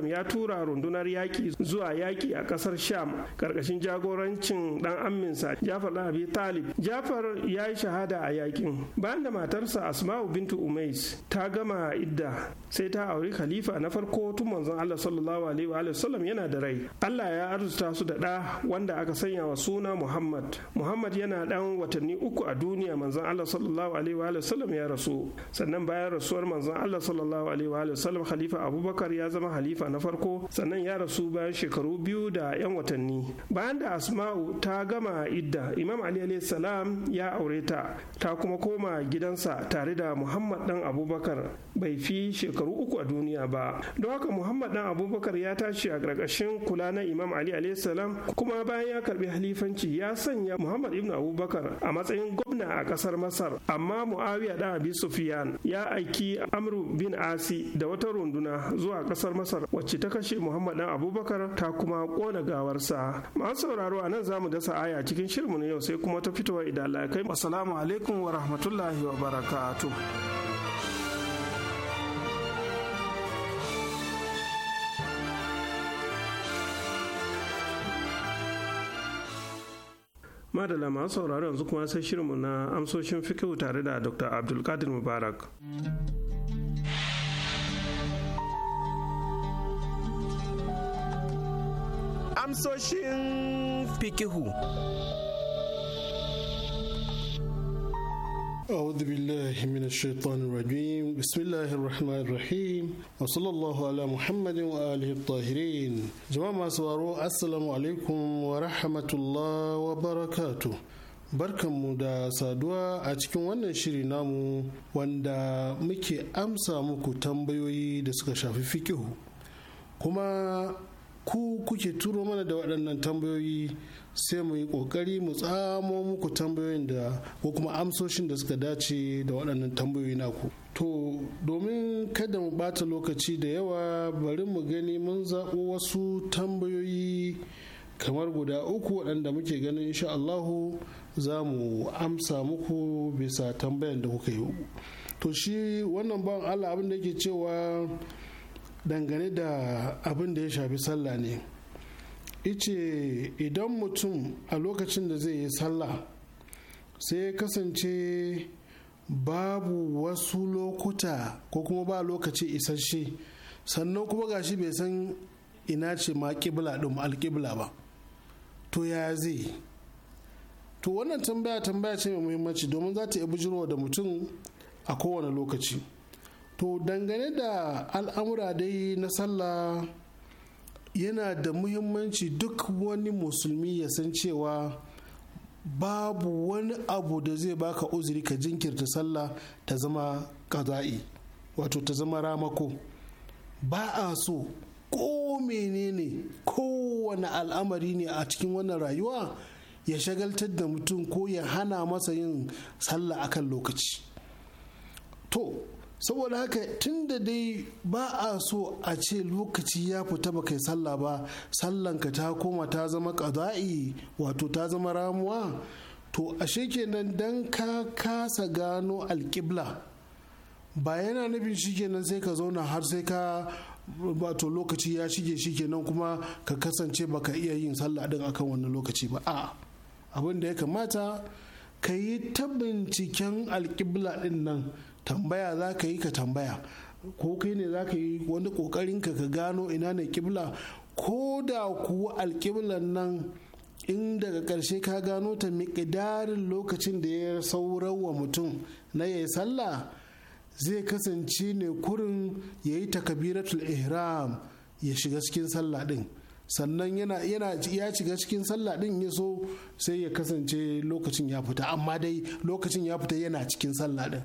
wa ya tura rundunar yaki zuwa yaki a kasar sham karkashin jagorancin dan amminsa jafar da abi talib jafar ya yi shahada a yakin bayan da matarsa asma'u bintu umais ta gama idda sai ta auri khalifa na farko tun manzon allah sallallahu alaihi wa yana da rai allah ya arzuta su da ɗa wanda aka sanya wa suna muhammad muhammad muhammad yana ɗan watanni uku a duniya manzon allah sallallahu alaihi wa sallam ya rasu sannan bayan rasuwar manzon allah sallallahu alaihi wa sallam khalifa abubakar ya zama Khalifa na farko sannan ya rasu bayan shekaru biyu da yan watanni bayan da asma'u ta gama idda imam ali alaihi salam ya aure ta ta kuma koma gidansa tare da muhammad dan abubakar bai fi shekaru uku a duniya ba don haka muhammad dan abubakar ya tashi a ƙarƙashin kula na imam ali alaihi salam kuma bayan ya karbi halifanci ya sanya muhammad ibn abubakar a matsayin gwamna a kasar masar amma muawiya dan abi sufyan ya aiki amru bin asi da wata runduna zuwa kasar masar wacce ta kashe muhammad dan abubakar ta kuma kona gawarsa masu sauraro a nan zamu dasa aya cikin shirmu na yau sai kuma ta fitowa idan Allah kai assalamu alaikum wa rahmatullahi wa barakatuh madala masu sauraro yanzu kuma sai shirinmu na amsoshin fikihu tare da dr abdulkadir mubarak amsoshin fikihu أعوذ بالله من الشيطان الرجيم بسم الله الرحمن الرحيم وصلى الله على محمد وآله الطاهرين جماعة سوارو السلام عليكم ورحمة الله وبركاته barkanmu da saduwa a cikin wannan shiri namu wanda muke amsa muku tambayoyi da suka shafi fikihu kuma ku kuke turo mana da waɗannan tambayoyi sai mu yi kokari mu tsamo muku tambayoyin da ko kuma amsoshin da suka dace da waɗannan tambayoyi naku to domin kada mu bata lokaci da yawa bari mu gani mun zaɓo wasu tambayoyi kamar guda uku waɗanda muke ganin insha Allahu za mu amsa muku bisa tambayan da kuka yi to shi wannan ban Allah abin da yake cewa dangane da abin da ya shafi sallah ne ice idan mutum a lokacin da zai yi sallah sai ya kasance babu wasu lokuta ko kuma ba lokaci isasshe sannan kuma gashi bai san ina ce ma kibla ɗin alkibla ba to ya zai to wannan tambaya tambaya ce mai muhimmanci domin za ta iya bujirwa da mutum a kowane lokaci to dangane da al'amura dai na sallah yana da muhimmanci duk wani musulmi ya san cewa babu wani abu da zai baka uzuri ka jinkirta sallah ta zama kaza'i wato ta zama ramako ba a so ko menene kowane al'amari ne a cikin wannan rayuwa ya shagaltar da mutum ko ya hana masa yin sallah akan lokaci to saboda haka tun da dai ba a so a ce lokaci ya fita ba kai sallah ba sallanka ta koma ta zama ƙaza'i wato ta zama ramuwa to ashe nan don ka kasa gano alƙibla ba yana nufin shikenan sai ka zauna har sai ka wato lokaci ya shige shikenan kuma ka kasance ba ka iya yin sallah din akan wannan lokaci ba a abin da ya kamata ka yi ta binciken alƙibla din nan tambaya za ka yi ka tambaya ko kai ne za ka yi wani kokarin ka ka gano ina ne kibla ko da kuwa alkiblan nan in daga karshe ka gano ta miƙidarin lokacin da ya saurar wa mutum na yayi sallah zai kasance ne kurin ya yi takabiratul ihram ya shiga cikin sallah din sannan yana ya shiga cikin sallah din ya so sai ya kasance lokacin ya fita amma dai lokacin ya fita yana cikin sallah din.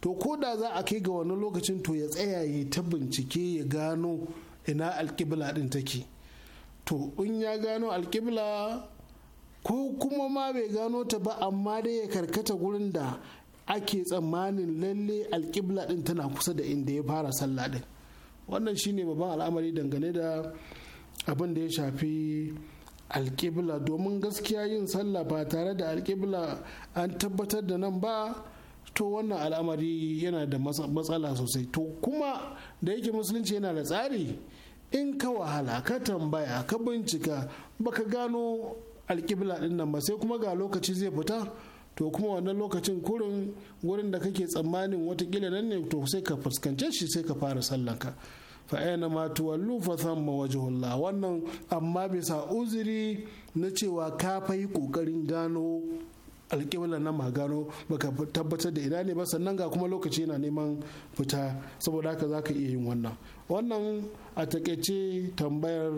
to ko da za a kai ga wani lokacin to ya tsaya ya ta bincike ya gano ina alkibla din take to in ya gano alkibla ko kuma ma bai gano ta ba amma dai ya karkata gurin da ake tsammanin lalle alkibla din tana kusa da inda ya fara sallah din wannan shine babban al'amari dangane da abin da ya shafi alkibla domin gaskiya yin sallah ba tare da alkibla an tabbatar da nan ba to wannan al'amari yana da matsala sosai to kuma da yake musulunci yana da tsari in ka wahala ka tambaya ka bincika baka gano alkibla din nan ba sai kuma ga lokaci zai fita to kuma wannan lokacin kurin wurin da kake tsammanin watakila nan ne to sai ka fuskance shi sai ka fara sallanka fa aina ma tuwallu fa thamma wajhullah wannan amma bisa uzuri na cewa ka fai kokarin gano alƙiblar nan ma gano baka tabbatar da ina ne ba sannan ga kuma lokaci yana neman fita saboda haka za ka iya yin wannan wannan a takaice tambayar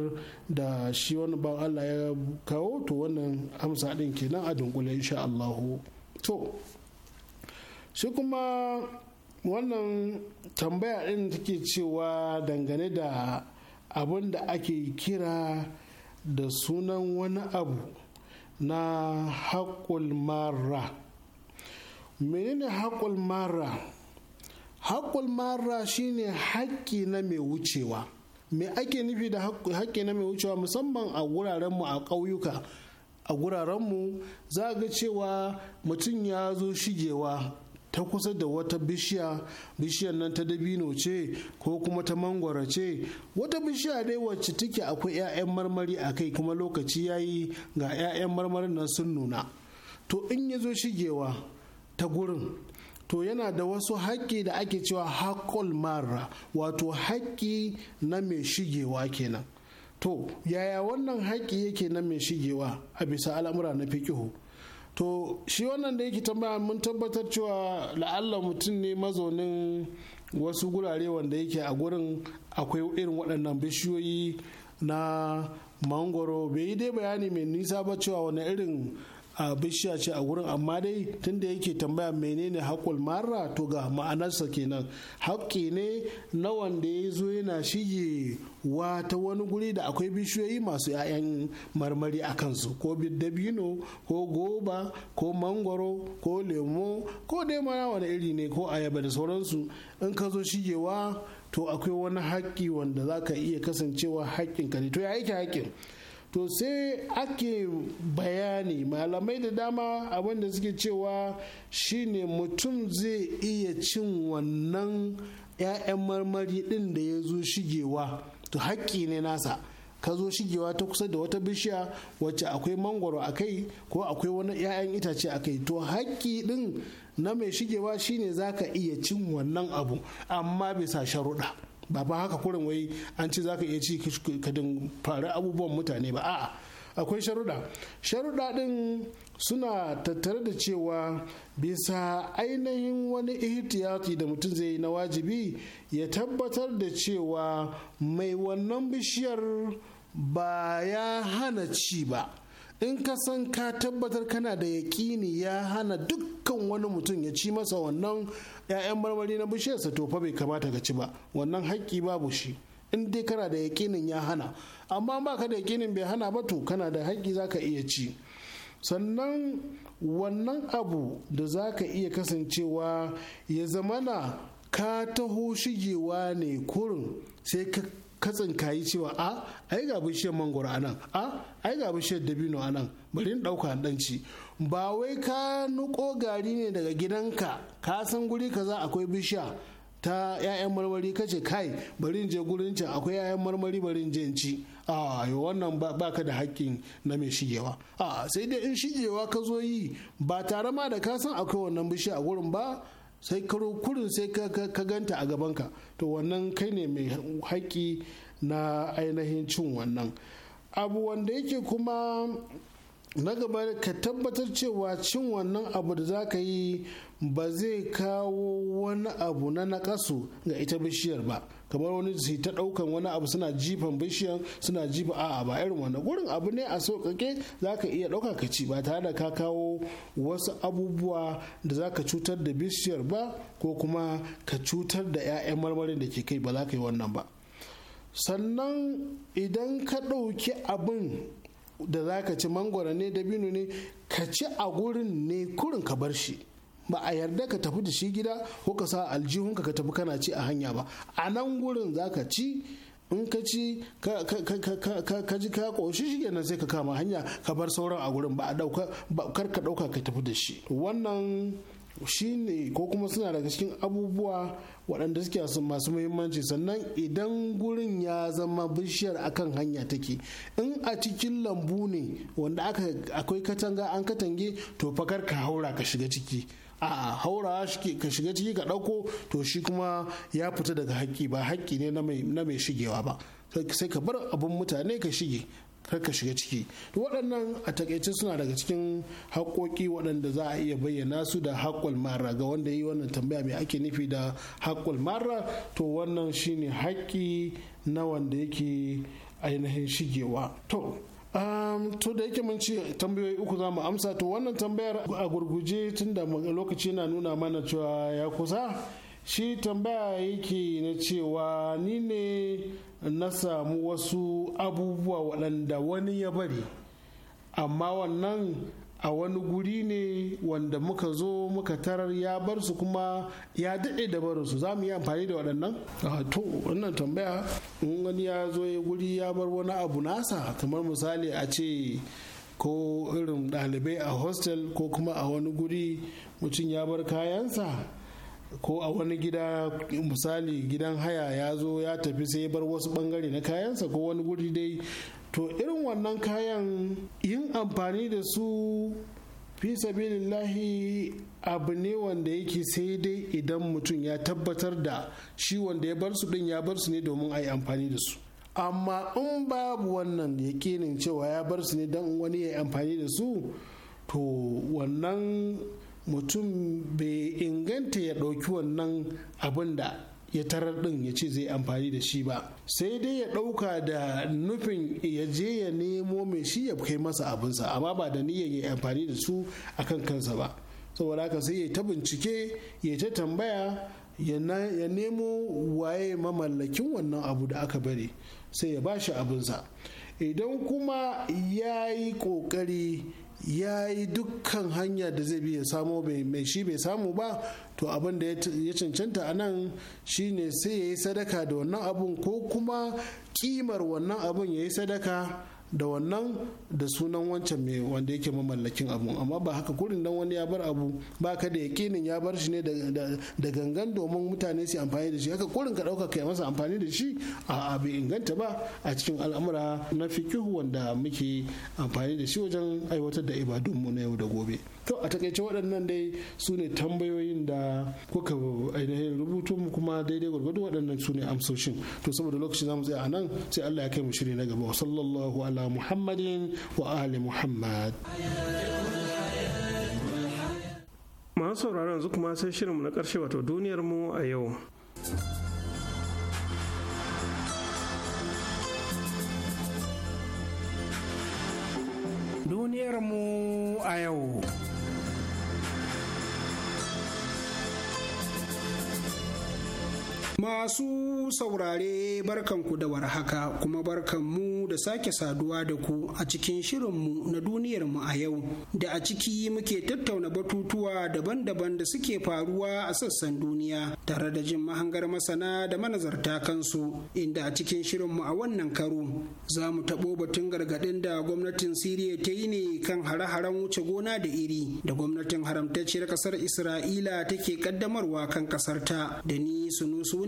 da shi wani ban Allah ya kawo to wannan amsa ɗin kenan a dunkule insha Allahu to shi kuma wannan tambaya ɗin take cewa dangane da abin da ake kira da sunan wani abu na haƙul mara menene haƙul mara haƙul mara shine haƙƙi na mai wucewa me ake nufi da haƙƙi na mai wucewa musamman a wurarenmu a ƙauyuka a gurarenmu za ga cewa mutum ya zo shigewa ta kusa da wata bishiya bishiyar nan ta dabino ce ko kuma ta mangwara ce wata bishiya dai wacce take akwai 'ya'yan marmari a kai kuma lokaci ya yi ga 'ya'yan marmarin nan sun nuna to in ya zo shigewa ta gurin to yana da wasu haƙƙi da ake cewa haƙƙol mara wato haƙƙi na mai shigewa kenan to yaya wannan haƙƙi yake na mai shigewa a bisa al'amura na fiƙihu to shi wannan da yake tambaya mun tabbatar cewa la'alla mutum ne mazaunin wasu gurare wanda yake a gurin akwai irin waɗannan bishiyoyi na mangoro bai yi dai bayani mai nisa ba cewa wani irin a bishiya ce a gurin amma dai tunda yake tambaya menene haƙul mara to ga ma'anarsa kenan haƙƙi ne na wanda ya zo yana shige wa ta wani guri da akwai bishiyoyi masu 'ya'yan marmari a kansu ko dabino ko goba ko mangoro ko lemo ko dai mara wani iri ne ko ayaba da sauransu in ka zo shigewa to akwai wani haƙƙi wanda za ka iya kasancewa haƙƙinka ne to ya yake haƙƙin to sai ake bayani malamai da dama abinda suke cewa shine mutum zai iya cin wannan 'ya'yan marmari din da ya zo shigewa to haƙƙi ne nasa ka zo shigewa ta kusa da wata bishiya wacce akwai mangoro a kai ko akwai wani 'ya'yan itace a kai to haƙƙi din na mai shigewa shine zaka iya cin wannan abu amma bisa sharuɗa ba ba haka kurin wai an ce zaka iya ci ka din fara abubuwan mutane ba a'a akwai sharuɗa sharuɗa ɗin suna tattare da cewa bisa ainihin wani ihtiyati da mutum zai yi na wajibi ya tabbatar da cewa mai wannan bishiyar ba ya hana ci ba in ka san ka tabbatar kana da yaƙini ya hana dukkan wani mutum ya ci masa wannan 'ya'yan marmari na bishiyarsa to fa bai kamata ka ci ba wannan haƙƙi babu shi in dai kana da yaƙinin ya hana amma ba ka da yaƙinin bai hana ba to kana da haƙƙi za ka iya ci sannan wannan abu da za ka iya kasancewa ya zamana ka taho shigewa ne kurin sai ka katsin kayi cewa a ai ga bishiyar mangoro anan a ai ga bishiyar dabino anan bari in dauka an danci ba wai ka nuko gari ne daga gidanka ka san guri kaza akwai bishiya ta 'ya'yan marmari kace kai bari in je gurin can akwai 'ya'yan marmari bari in je in ci a wannan ba ka da hakkin na mai shigewa a sai dai in shigewa ka zo yi ba tare ma da ka san akwai wannan bishiya a gurin ba sai karo kurin sai ka ganta a gabanka to wannan kai ne mai haƙƙi na ainihin cin wannan abu wanda yake kuma na gaba ka tabbatar cewa cin wannan abu da za ka yi ba zai kawo wani abu na nakasu ga ita bishiyar ba kamar wani su ta daukan wani abu suna jifan bishiyar suna jifa a'a ba irin wannan gurin abu ne a sauƙaƙe za ka iya ɗauka ka ci ba tare da ka kawo wasu abubuwa da za ka cutar da bishiyar ba ko kuma ka cutar da 'ya'yan marmarin da ke kai ba za ka yi wannan ba sannan idan ka ɗauki abin da za ka ci mangwara ne dabino ne ka ci a gurin ne kurin ka bar shi ba a yarda ka tafi da shi gida ko ka sa aljihunka ka tafi kana ci a hanya ba a nan gurin za ka ci in ka ci ka ji ka koshi shi kenan sai ka kama hanya ka bar sauran a gurin ba a dauka kar ka ɗauka ka tafi da shi wannan shine ko kuma suna daga cikin abubuwa waɗanda suke su masu muhimmanci sannan idan gurin ya zama bishiyar akan hanya take in a cikin lambu ne wanda akwai katanga an katange to fakar ka haura ka shiga ciki a haura ka shiga ciki ka ɗauko to shi kuma ya fita daga haƙƙi ba haƙƙi ne na mai shigewa ba sai ka bar abun mutane ka shige kar ka shiga ciki to waɗannan a takaice suna daga cikin haƙoƙi waɗanda za a iya bayyana su da haƙƙul mara ga wanda yi wannan tambaya mai ake nufi da haƙƙul mara to wannan shine haƙƙi na wanda yake ainihin shigewa to Um, to da yake mun ce tambayoyi uku za mu amsa to wannan tambayar a gurguje tunda lokaci na nuna mana cewa ya kusa shi tambaya yake na cewa ni ne na samu wasu abubuwa waɗanda wani ya bari amma wannan a wani guri ne wanda muka zo muka tarar ya bar su kuma ya daɗe da barin su za mu yi amfani da waɗannan ah, to wannan tambaya in wani ya zo ya guri ya bar wani abu nasa kamar misali a ce ko irin ɗalibai a hostel ko kuma a wani guri mutum ya bar kayansa ko a wani gida misali gidan haya ya zo ya tafi sai ya bar wasu bangare na kayansa ko wani guri dai to irin wannan kayan yin amfani da su fi sabilillahi abu ne wanda yake sai dai idan mutum ya tabbatar da shi wanda ya bar su din ya bar su ne domin a yi amfani da su amma in babu wannan yakinin cewa ya bar su ne don wani ya yi amfani da su to wannan mutum bai inganta ya ɗauki wannan abin da ya tarar ɗin ya ce zai amfani da shi ba sai dai ya ɗauka da nufin ya je ya nemo mai shi ya kai masa abinsa amma ba da niyyar ya amfani da su akan kansa ba saboda haka sai ya ta bincike ya ta tambaya ya nemo waye mamallakin wannan abu da aka bari sai ya ba shi abinsa idan kuma ya yi ƙoƙari ya yi dukkan hanya da zai bi ya samo mai shi bai samu ba to abin da ya cancanta a nan shine sai ya yi sadaka da wannan abun ko kuma kimar wannan abun ya yi sadaka da wannan da sunan wancan mai wanda yake mamallakin abu amma ba haka kurin dan wani ya bar abu ba ka da yakinin ya bar shi ne da gangan domin mutane su amfani da shi haka kurin ka dauka kai masa amfani da shi a bai inganta ba a cikin al'amura na fikihu wanda muke amfani da shi wajen aiwatar da ibadunmu na yau da gobe. to a takaice waɗannan dai su ne tambayoyin da kuka ainihin rubutu kuma daidai gwargwado waɗannan su ne amsoshin to saboda lokaci za mu tsaya a nan sai Allah ya kai mu shiri na gaba wa sallallahu ala muhammadin wa ali muhammad masu sauraron yanzu kuma sai shirinmu na ƙarshe wato duniyar mu a yau duniyarmu a yau. Masu saurare barkanku da warhaka kuma barkanmu da sake saduwa da ku a cikin shirinmu na duniyarmu a yau da a ciki muke tattauna batutuwa daban-daban da suke faruwa a sassan duniya tare da jin mahangar masana da manazarta kansu inda a cikin shirinmu a wannan karo za mu taɓo batun gargaɗin da gwamnatin Siriya ta yi ne kan hare-haren wuce gona da iri da gwamnatin haramtacciyar ƙasar Isra'ila take ƙaddamarwa kan ƙasarta da ni sunusu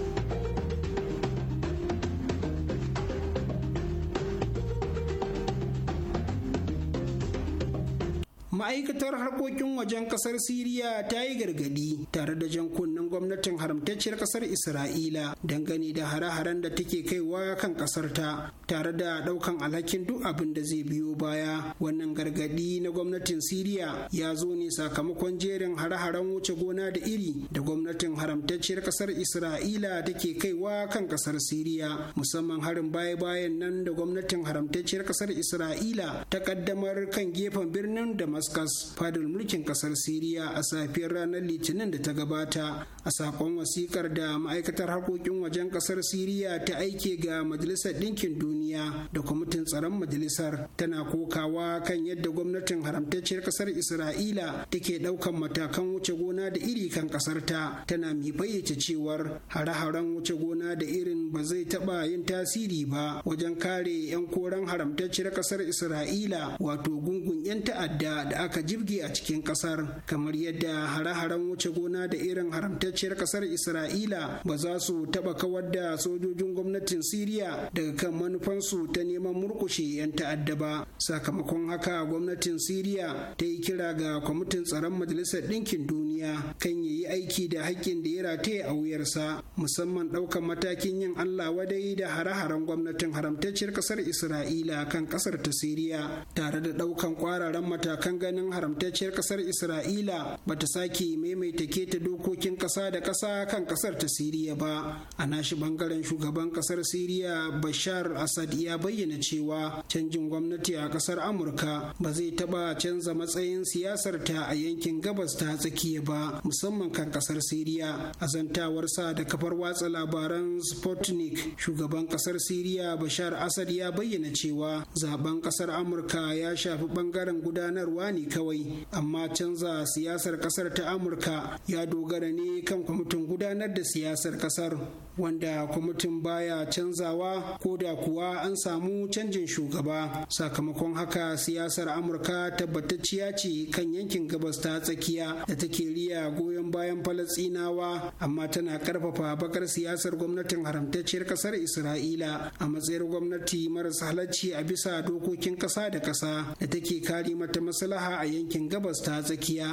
ma'aikatar harkokin wajen kasar siriya ta yi gargadi tare da jan kunnen gwamnatin haramtacciyar kasar isra'ila dangane da hare-haren da take kaiwa kan kasar ta tare da daukan alhakin duk abin da zai biyo baya wannan gargadi na gwamnatin siriya ya zo ne sakamakon jerin hare-haren wuce gona da iri da gwamnatin haramtacciyar kasar isra'ila take kaiwa kan kasar siriya musamman harin baya-bayan nan da gwamnatin haramtacciyar kasar isra'ila ta kaddamar kan gefen birnin damascus damascus fadar mulkin kasar siriya a safiyar ranar litinin da ta gabata a sakon wasikar da ma'aikatar harkokin wajen kasar siriya ta aike ga majalisar Dinkin duniya da kwamitin tsaron majalisar tana kokawa kan yadda gwamnatin haramtacciyar kasar isra'ila take ɗaukan matakan wuce gona da iri kan kasar ta tana mai bayyace cewar hare-haren wuce gona da irin ba zai taɓa yin tasiri ba wajen kare 'yan koren haramtacciyar kasar isra'ila wato gungun 'yan ta'adda da aka aka jibge a cikin kasar kamar yadda hare-haren wuce gona da irin haramtacciyar kasar isra'ila ba za su taba kawar da sojojin gwamnatin siriya daga kan manufansu ta neman murkushe 'yan ta'adda ba sakamakon haka gwamnatin siriya ta yi kira ga kwamitin tsaron majalisar ɗinkin duniya kan ya yi aiki da haƙƙin da ya rataye a wuyarsa musamman ɗaukar matakin yin allah wadai da hare-haren gwamnatin haramtacciyar kasar isra'ila kan kasar ta siriya tare da ɗaukan kwararan matakan ganin haramtacciyar kasar isra'ila ba ta sake maimaita keta dokokin kasa da kasa kan kasar ta siriya ba a nashi bangaren shugaban kasar siriya bashar asad ya bayyana cewa canjin gwamnati a kasar amurka ba zai taba canza matsayin siyasar ta a yankin gabas ta tsakiya ba musamman kan kasar siriya a sa da kafar watsa labaran sputnik shugaban kasar siriya bashar assad ya bayyana cewa zaben kasar amurka ya shafi bangaren gudanarwa ne ne kawai amma canza siyasar kasar ta amurka ya dogara ne kan kwamitin gudanar da siyasar kasar wanda kwamitin baya canzawa ko da kuwa an samu canjin shugaba sakamakon haka siyasar amurka tabbatacciya ce kan yankin gabas ta tsakiya da take riya goyon bayan falasinawa amma tana karfafa bakar siyasar gwamnatin haramtacciyar kasar isra'ila a matsayin gwamnati marasa halarci a bisa dokokin kasa da kasa da take kare mata maslaha a yankin gabas ta tsakiya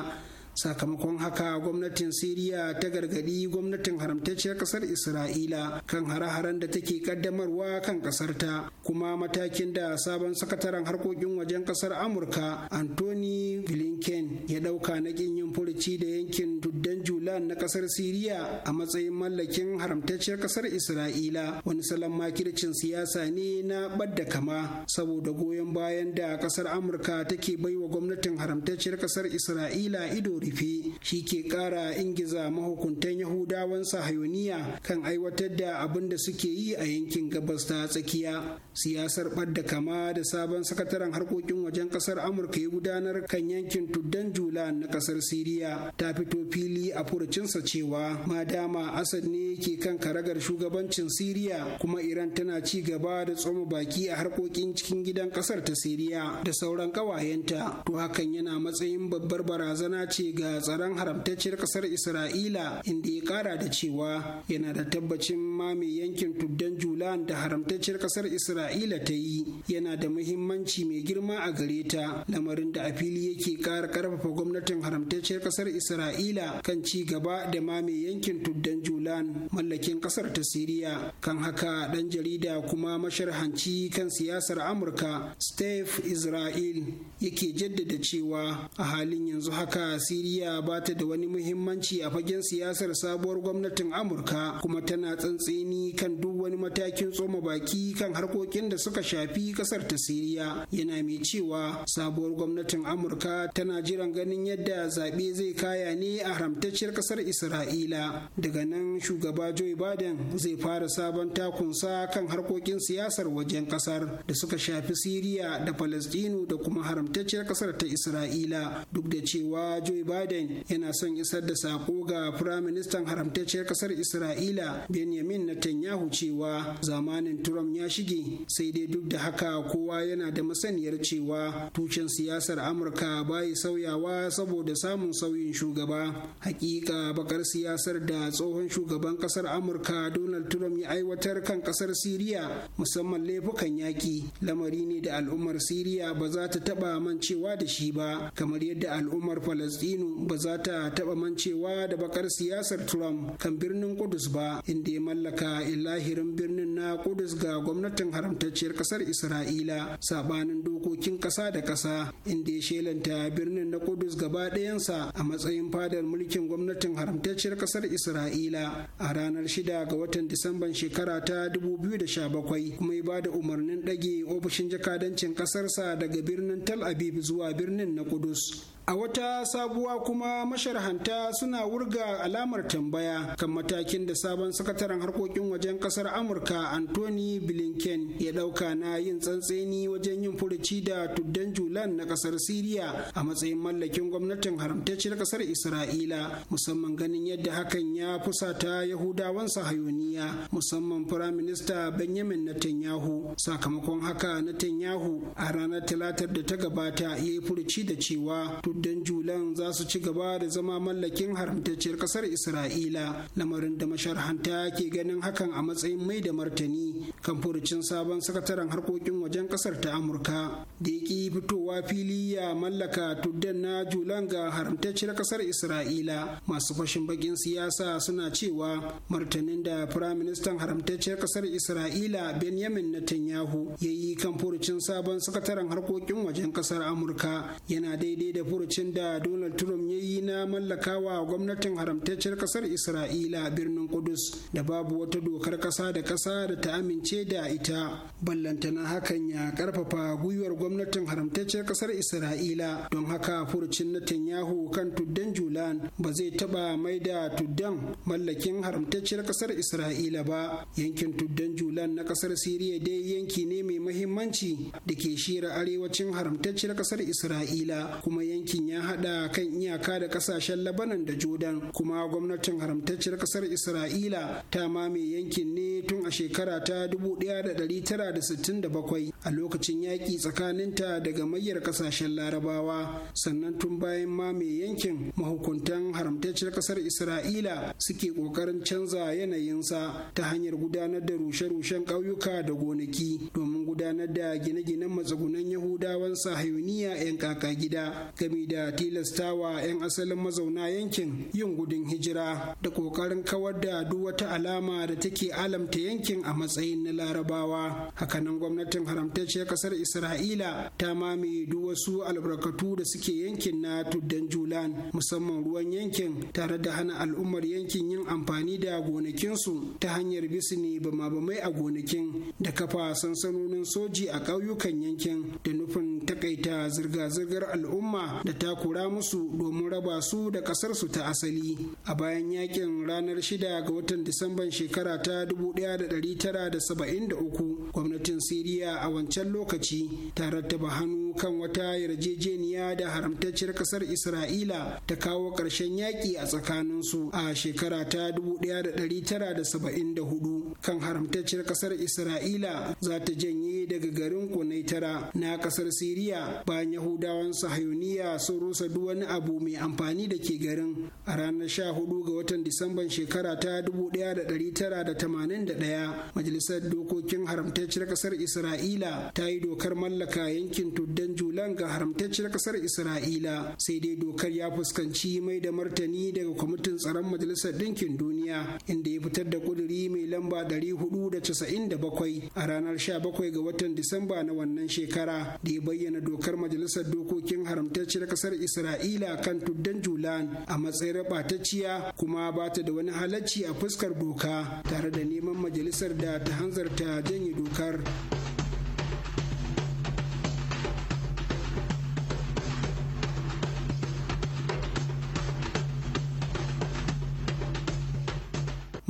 sakamakon haka gwamnatin siriya ta gargadi gwamnatin haramtacciyar kasar isra'ila kan hare-haren da take kaddamarwa kan kasar ta kuma matakin da sabon sakataren harkokin wajen kasar amurka anthony blinken ya dauka na kin yin furuci da yankin tuddan julan na kasar siriya a matsayin mallakin haramtacciyar kasar isra'ila wani salon makircin siyasa ne na badda kama saboda goyon bayan da kasar amurka take baiwa gwamnatin haramtacciyar kasar isra'ila ido rufe shi ke ƙara ingiza mahukuntan yahudawan sahayoniya kan aiwatar da abin da suke yi a yankin gabas ta tsakiya siyasar ɓadda kama da sabon sakataren harkokin wajen ƙasar amurka ya gudanar kan yankin tuddan jula na ƙasar siriya ta fito fili a furcinsa cewa madama asad ne ke kan karagar shugabancin siriya kuma iran tana ci gaba da tsoma baki a harkokin cikin gidan ƙasar ta siriya da sauran ƙawayenta to hakan yana matsayin babbar barazana ce ga tsaron haramtacciyar kasar isra'ila inda ya kara da cewa yana da tabbacin mame yankin tuddan julan da haramtacciyar kasar isra'ila ta yi yana da muhimmanci mai girma a gare ta lamarin da a fili yake kara karfafa gwamnatin haramtacciyar kasar isra'ila kan ci gaba da mame yankin tuddan julan mallakin kasar ta siriya kan haka dan jarida kuma masharhanci kan siyasar amurka steve israel yake jaddada cewa a halin yanzu haka siriya Siriya ba ta da wani muhimmanci a fagen siyasar sabuwar gwamnatin Amurka kuma tana tsantseni kan duk wani matakin tsoma baki kan harkokin da suka shafi kasar ta Siriya yana mai cewa sabuwar gwamnatin Amurka tana jiran ganin yadda zaɓe zai kaya ne a haramtacciyar kasar Isra'ila daga nan shugaba Joe Biden zai fara sabon takunsa kan harkokin siyasar wajen kasar da suka shafi Siriya da Falastinu da kuma haramtacciyar kasar ta Isra'ila duk da cewa Joe biden yana son isar da sako ga Firaministan haramtacciyar kasar Isra'ila Benjamin Netanyahu cewa zamanin Trump ya shige sai dai duk da haka kowa yana da masaniyar cewa tushen siyasar Amurka bai sauyawa saboda samun sauyin shugaba. Hakika bakar siyasar da tsohon shugaban kasar Amurka Donald Trump ya aiwatar kan kasar Siriya musamman laifukan yaƙi lamari ne da al'ummar Siriya ba za ta taɓa mancewa da shi ba kamar yadda al'ummar Falasɗin Falastinu ba za ta taɓa mancewa da bakar siyasar Trump kan birnin Kudus ba inda ya mallaka ilahirin birnin na Kudus ga gwamnatin haramtacciyar ƙasar Isra'ila sabanin dokokin kasa da kasa. inda ya shelanta birnin na Kudus gaba ɗayansa a matsayin fadar mulkin gwamnatin haramtacciyar ƙasar Isra'ila a ranar shida ga watan Disamban shekara ta bakwai. kuma ya ba da umarnin ɗage ofishin jakadancin ƙasarsa daga birnin Tel Aviv zuwa birnin na Kudus. A wata sabuwa kuma masharhanta suna wurga alamar tambaya kan matakin da sabon sakataren harkokin wajen kasar Amurka Anthony Blinken ya ɗauka na yin tsantseni wajen yin furuci da tuddan Julan na kasar Siriya a matsayin mallakin gwamnatin haramtacciyar kasar Isra'ila musamman ganin yadda hakan ya fusata Yahudawan sahayoniya musamman Firaminista Benjamin Netanyahu sakamakon haka Netanyahu a ranar talatar da ta gabata ya yi furuci da cewa don julan za su ci gaba da zama mallakin haramtacciyar kasar isra'ila lamarin da masharhanta ke ganin hakan a matsayin mai da martani kan furucin sabon sakataren harkokin wajen kasar ta amurka da ya fitowa fili ya mallaka tuddan na julan ga haramtacciyar kasar isra'ila masu fashin bakin siyasa suna cewa martanin da firaministan haramtacciyar kasar isra'ila benjamin netanyahu ya yi kan furucin sabon sakataren harkokin wajen kasar amurka yana daidai da furucin Furucin da Donald Trump ya yi na mallakawa gwamnatin haramtacciyar ƙasar Isra'ila birnin Kudus da babu wata dokar kasa da kasa da ta amince da ita. Ballantana hakan ya karfafa gwiwar gwamnatin haramtacciyar ƙasar Isra'ila don haka furucin Netanyahu kan tuddan Julan ba zai taɓa mai da tuddan mallakin haramtacciyar ƙasar Isra'ila ba. Yankin tuddan Julan na ƙasar Siriya dai yanki ne mai mahimmanci da ke shira arewacin haramtacciyar ƙasar Isra'ila kuma yanki Aikin ya haɗa kan iyaka da ƙasashen Labanan da Jordan kuma gwamnatin haramtacciyar ƙasar Isra'ila ta mame yankin ne tun a shekara ta 1967 a lokacin yaƙi tsakaninta daga gamayyar ƙasashen larabawa sannan tun bayan ma mai yankin mahukuntan haramtacciyar ƙasar isra'ila suke ƙoƙarin canza yanayinsa ta hanyar gudanar da rushe-rushen ƙauyuka da gonaki domin gudanar da gine-ginen matsugunan yahudawan sahayuniya 'yan kaka gida game da tilastawa 'yan asalin mazauna yankin yin gudun hijira da ƙoƙarin kawar da duk wata alama da take alamta yankin a matsayin na larabawa hakanan gwamnatin haram ce kasar isra'ila ta mame duk wasu albarkatu da suke yankin na tuddan julan musamman ruwan yankin tare da hana al'ummar yankin yin amfani da gonakinsu ta hanyar bisini ba mai a gonakin da kafa sansanonin soji a ƙauyukan yankin da nufin takaita zirga-zirgar al'umma da ta kura musu domin raba su da ƙasarsu ta asali a bayan yakin ranar shida ga watan disamban shekara ta 1973 gwamnatin siriya a wancan lokaci ta rattaba hannu kan wata yarjejeniya da haramtacciyar kasar isra'ila ta kawo ƙarshen yaƙi a tsakaninsu a shekara ta 1974 kan haramtacciyar kasar isra'ila za ta janye daga garin kunaitara na kasar siriya bayan yahudawan sahayuniya sun rusa duk wani abu mai amfani da ke garin a ranar 14 ga watan disamban shekara ta 1981 majalisar dokokin haramtacciyar kasar isra'ila Isra'ila ta yi dokar mallaka yankin tuddan Julan ga haramtacciyar ƙasar Isra'ila sai dai dokar ya fuskanci mai da martani daga kwamitin tsaron majalisar ɗinkin duniya inda ya fitar da ƙuduri mai lamba 497 a ranar 17 ga watan Disamba na wannan shekara da ya bayyana dokar majalisar dokokin haramtacciyar ƙasar Isra'ila kan tuddan Julan a matsayin rabatacciya kuma ba ta da wani halacci a fuskar doka tare da neman majalisar da ta hanzarta janye dokar.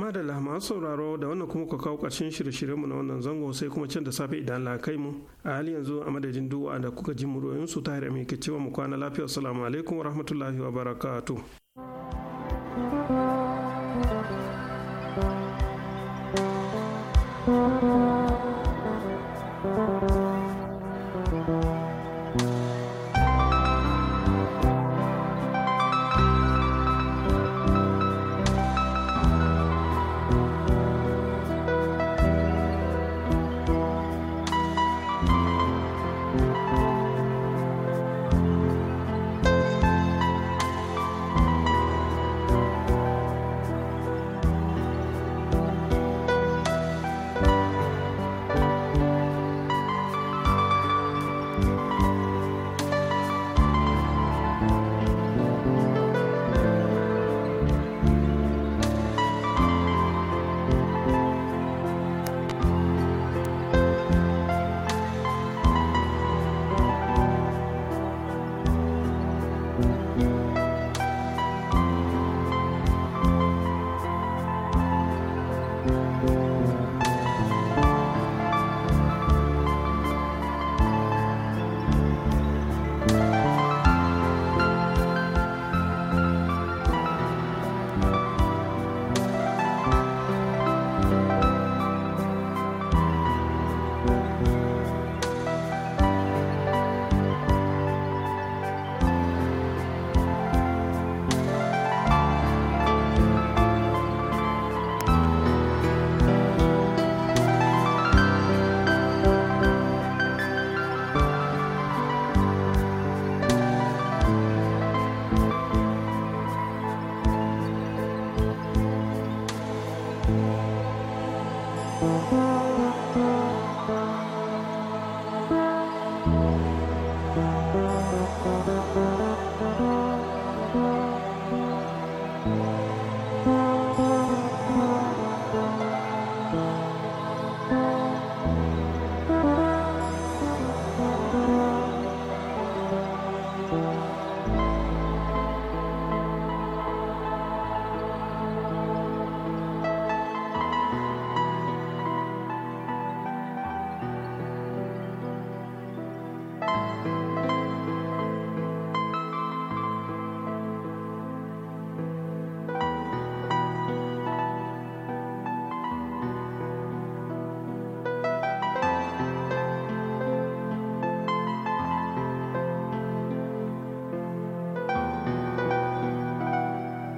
madalla masu sauraro da wannan kuma ka kawo ƙarshen shirye-shiryenmu na wannan zango sai kuma can da safe idan la kai mu a hali yanzu a madadin duwa da kuka ji muryoyin su tahir mai ke cewa mu kwana lafiya assalamu alaikum wa rahmatullahi wa barakatuh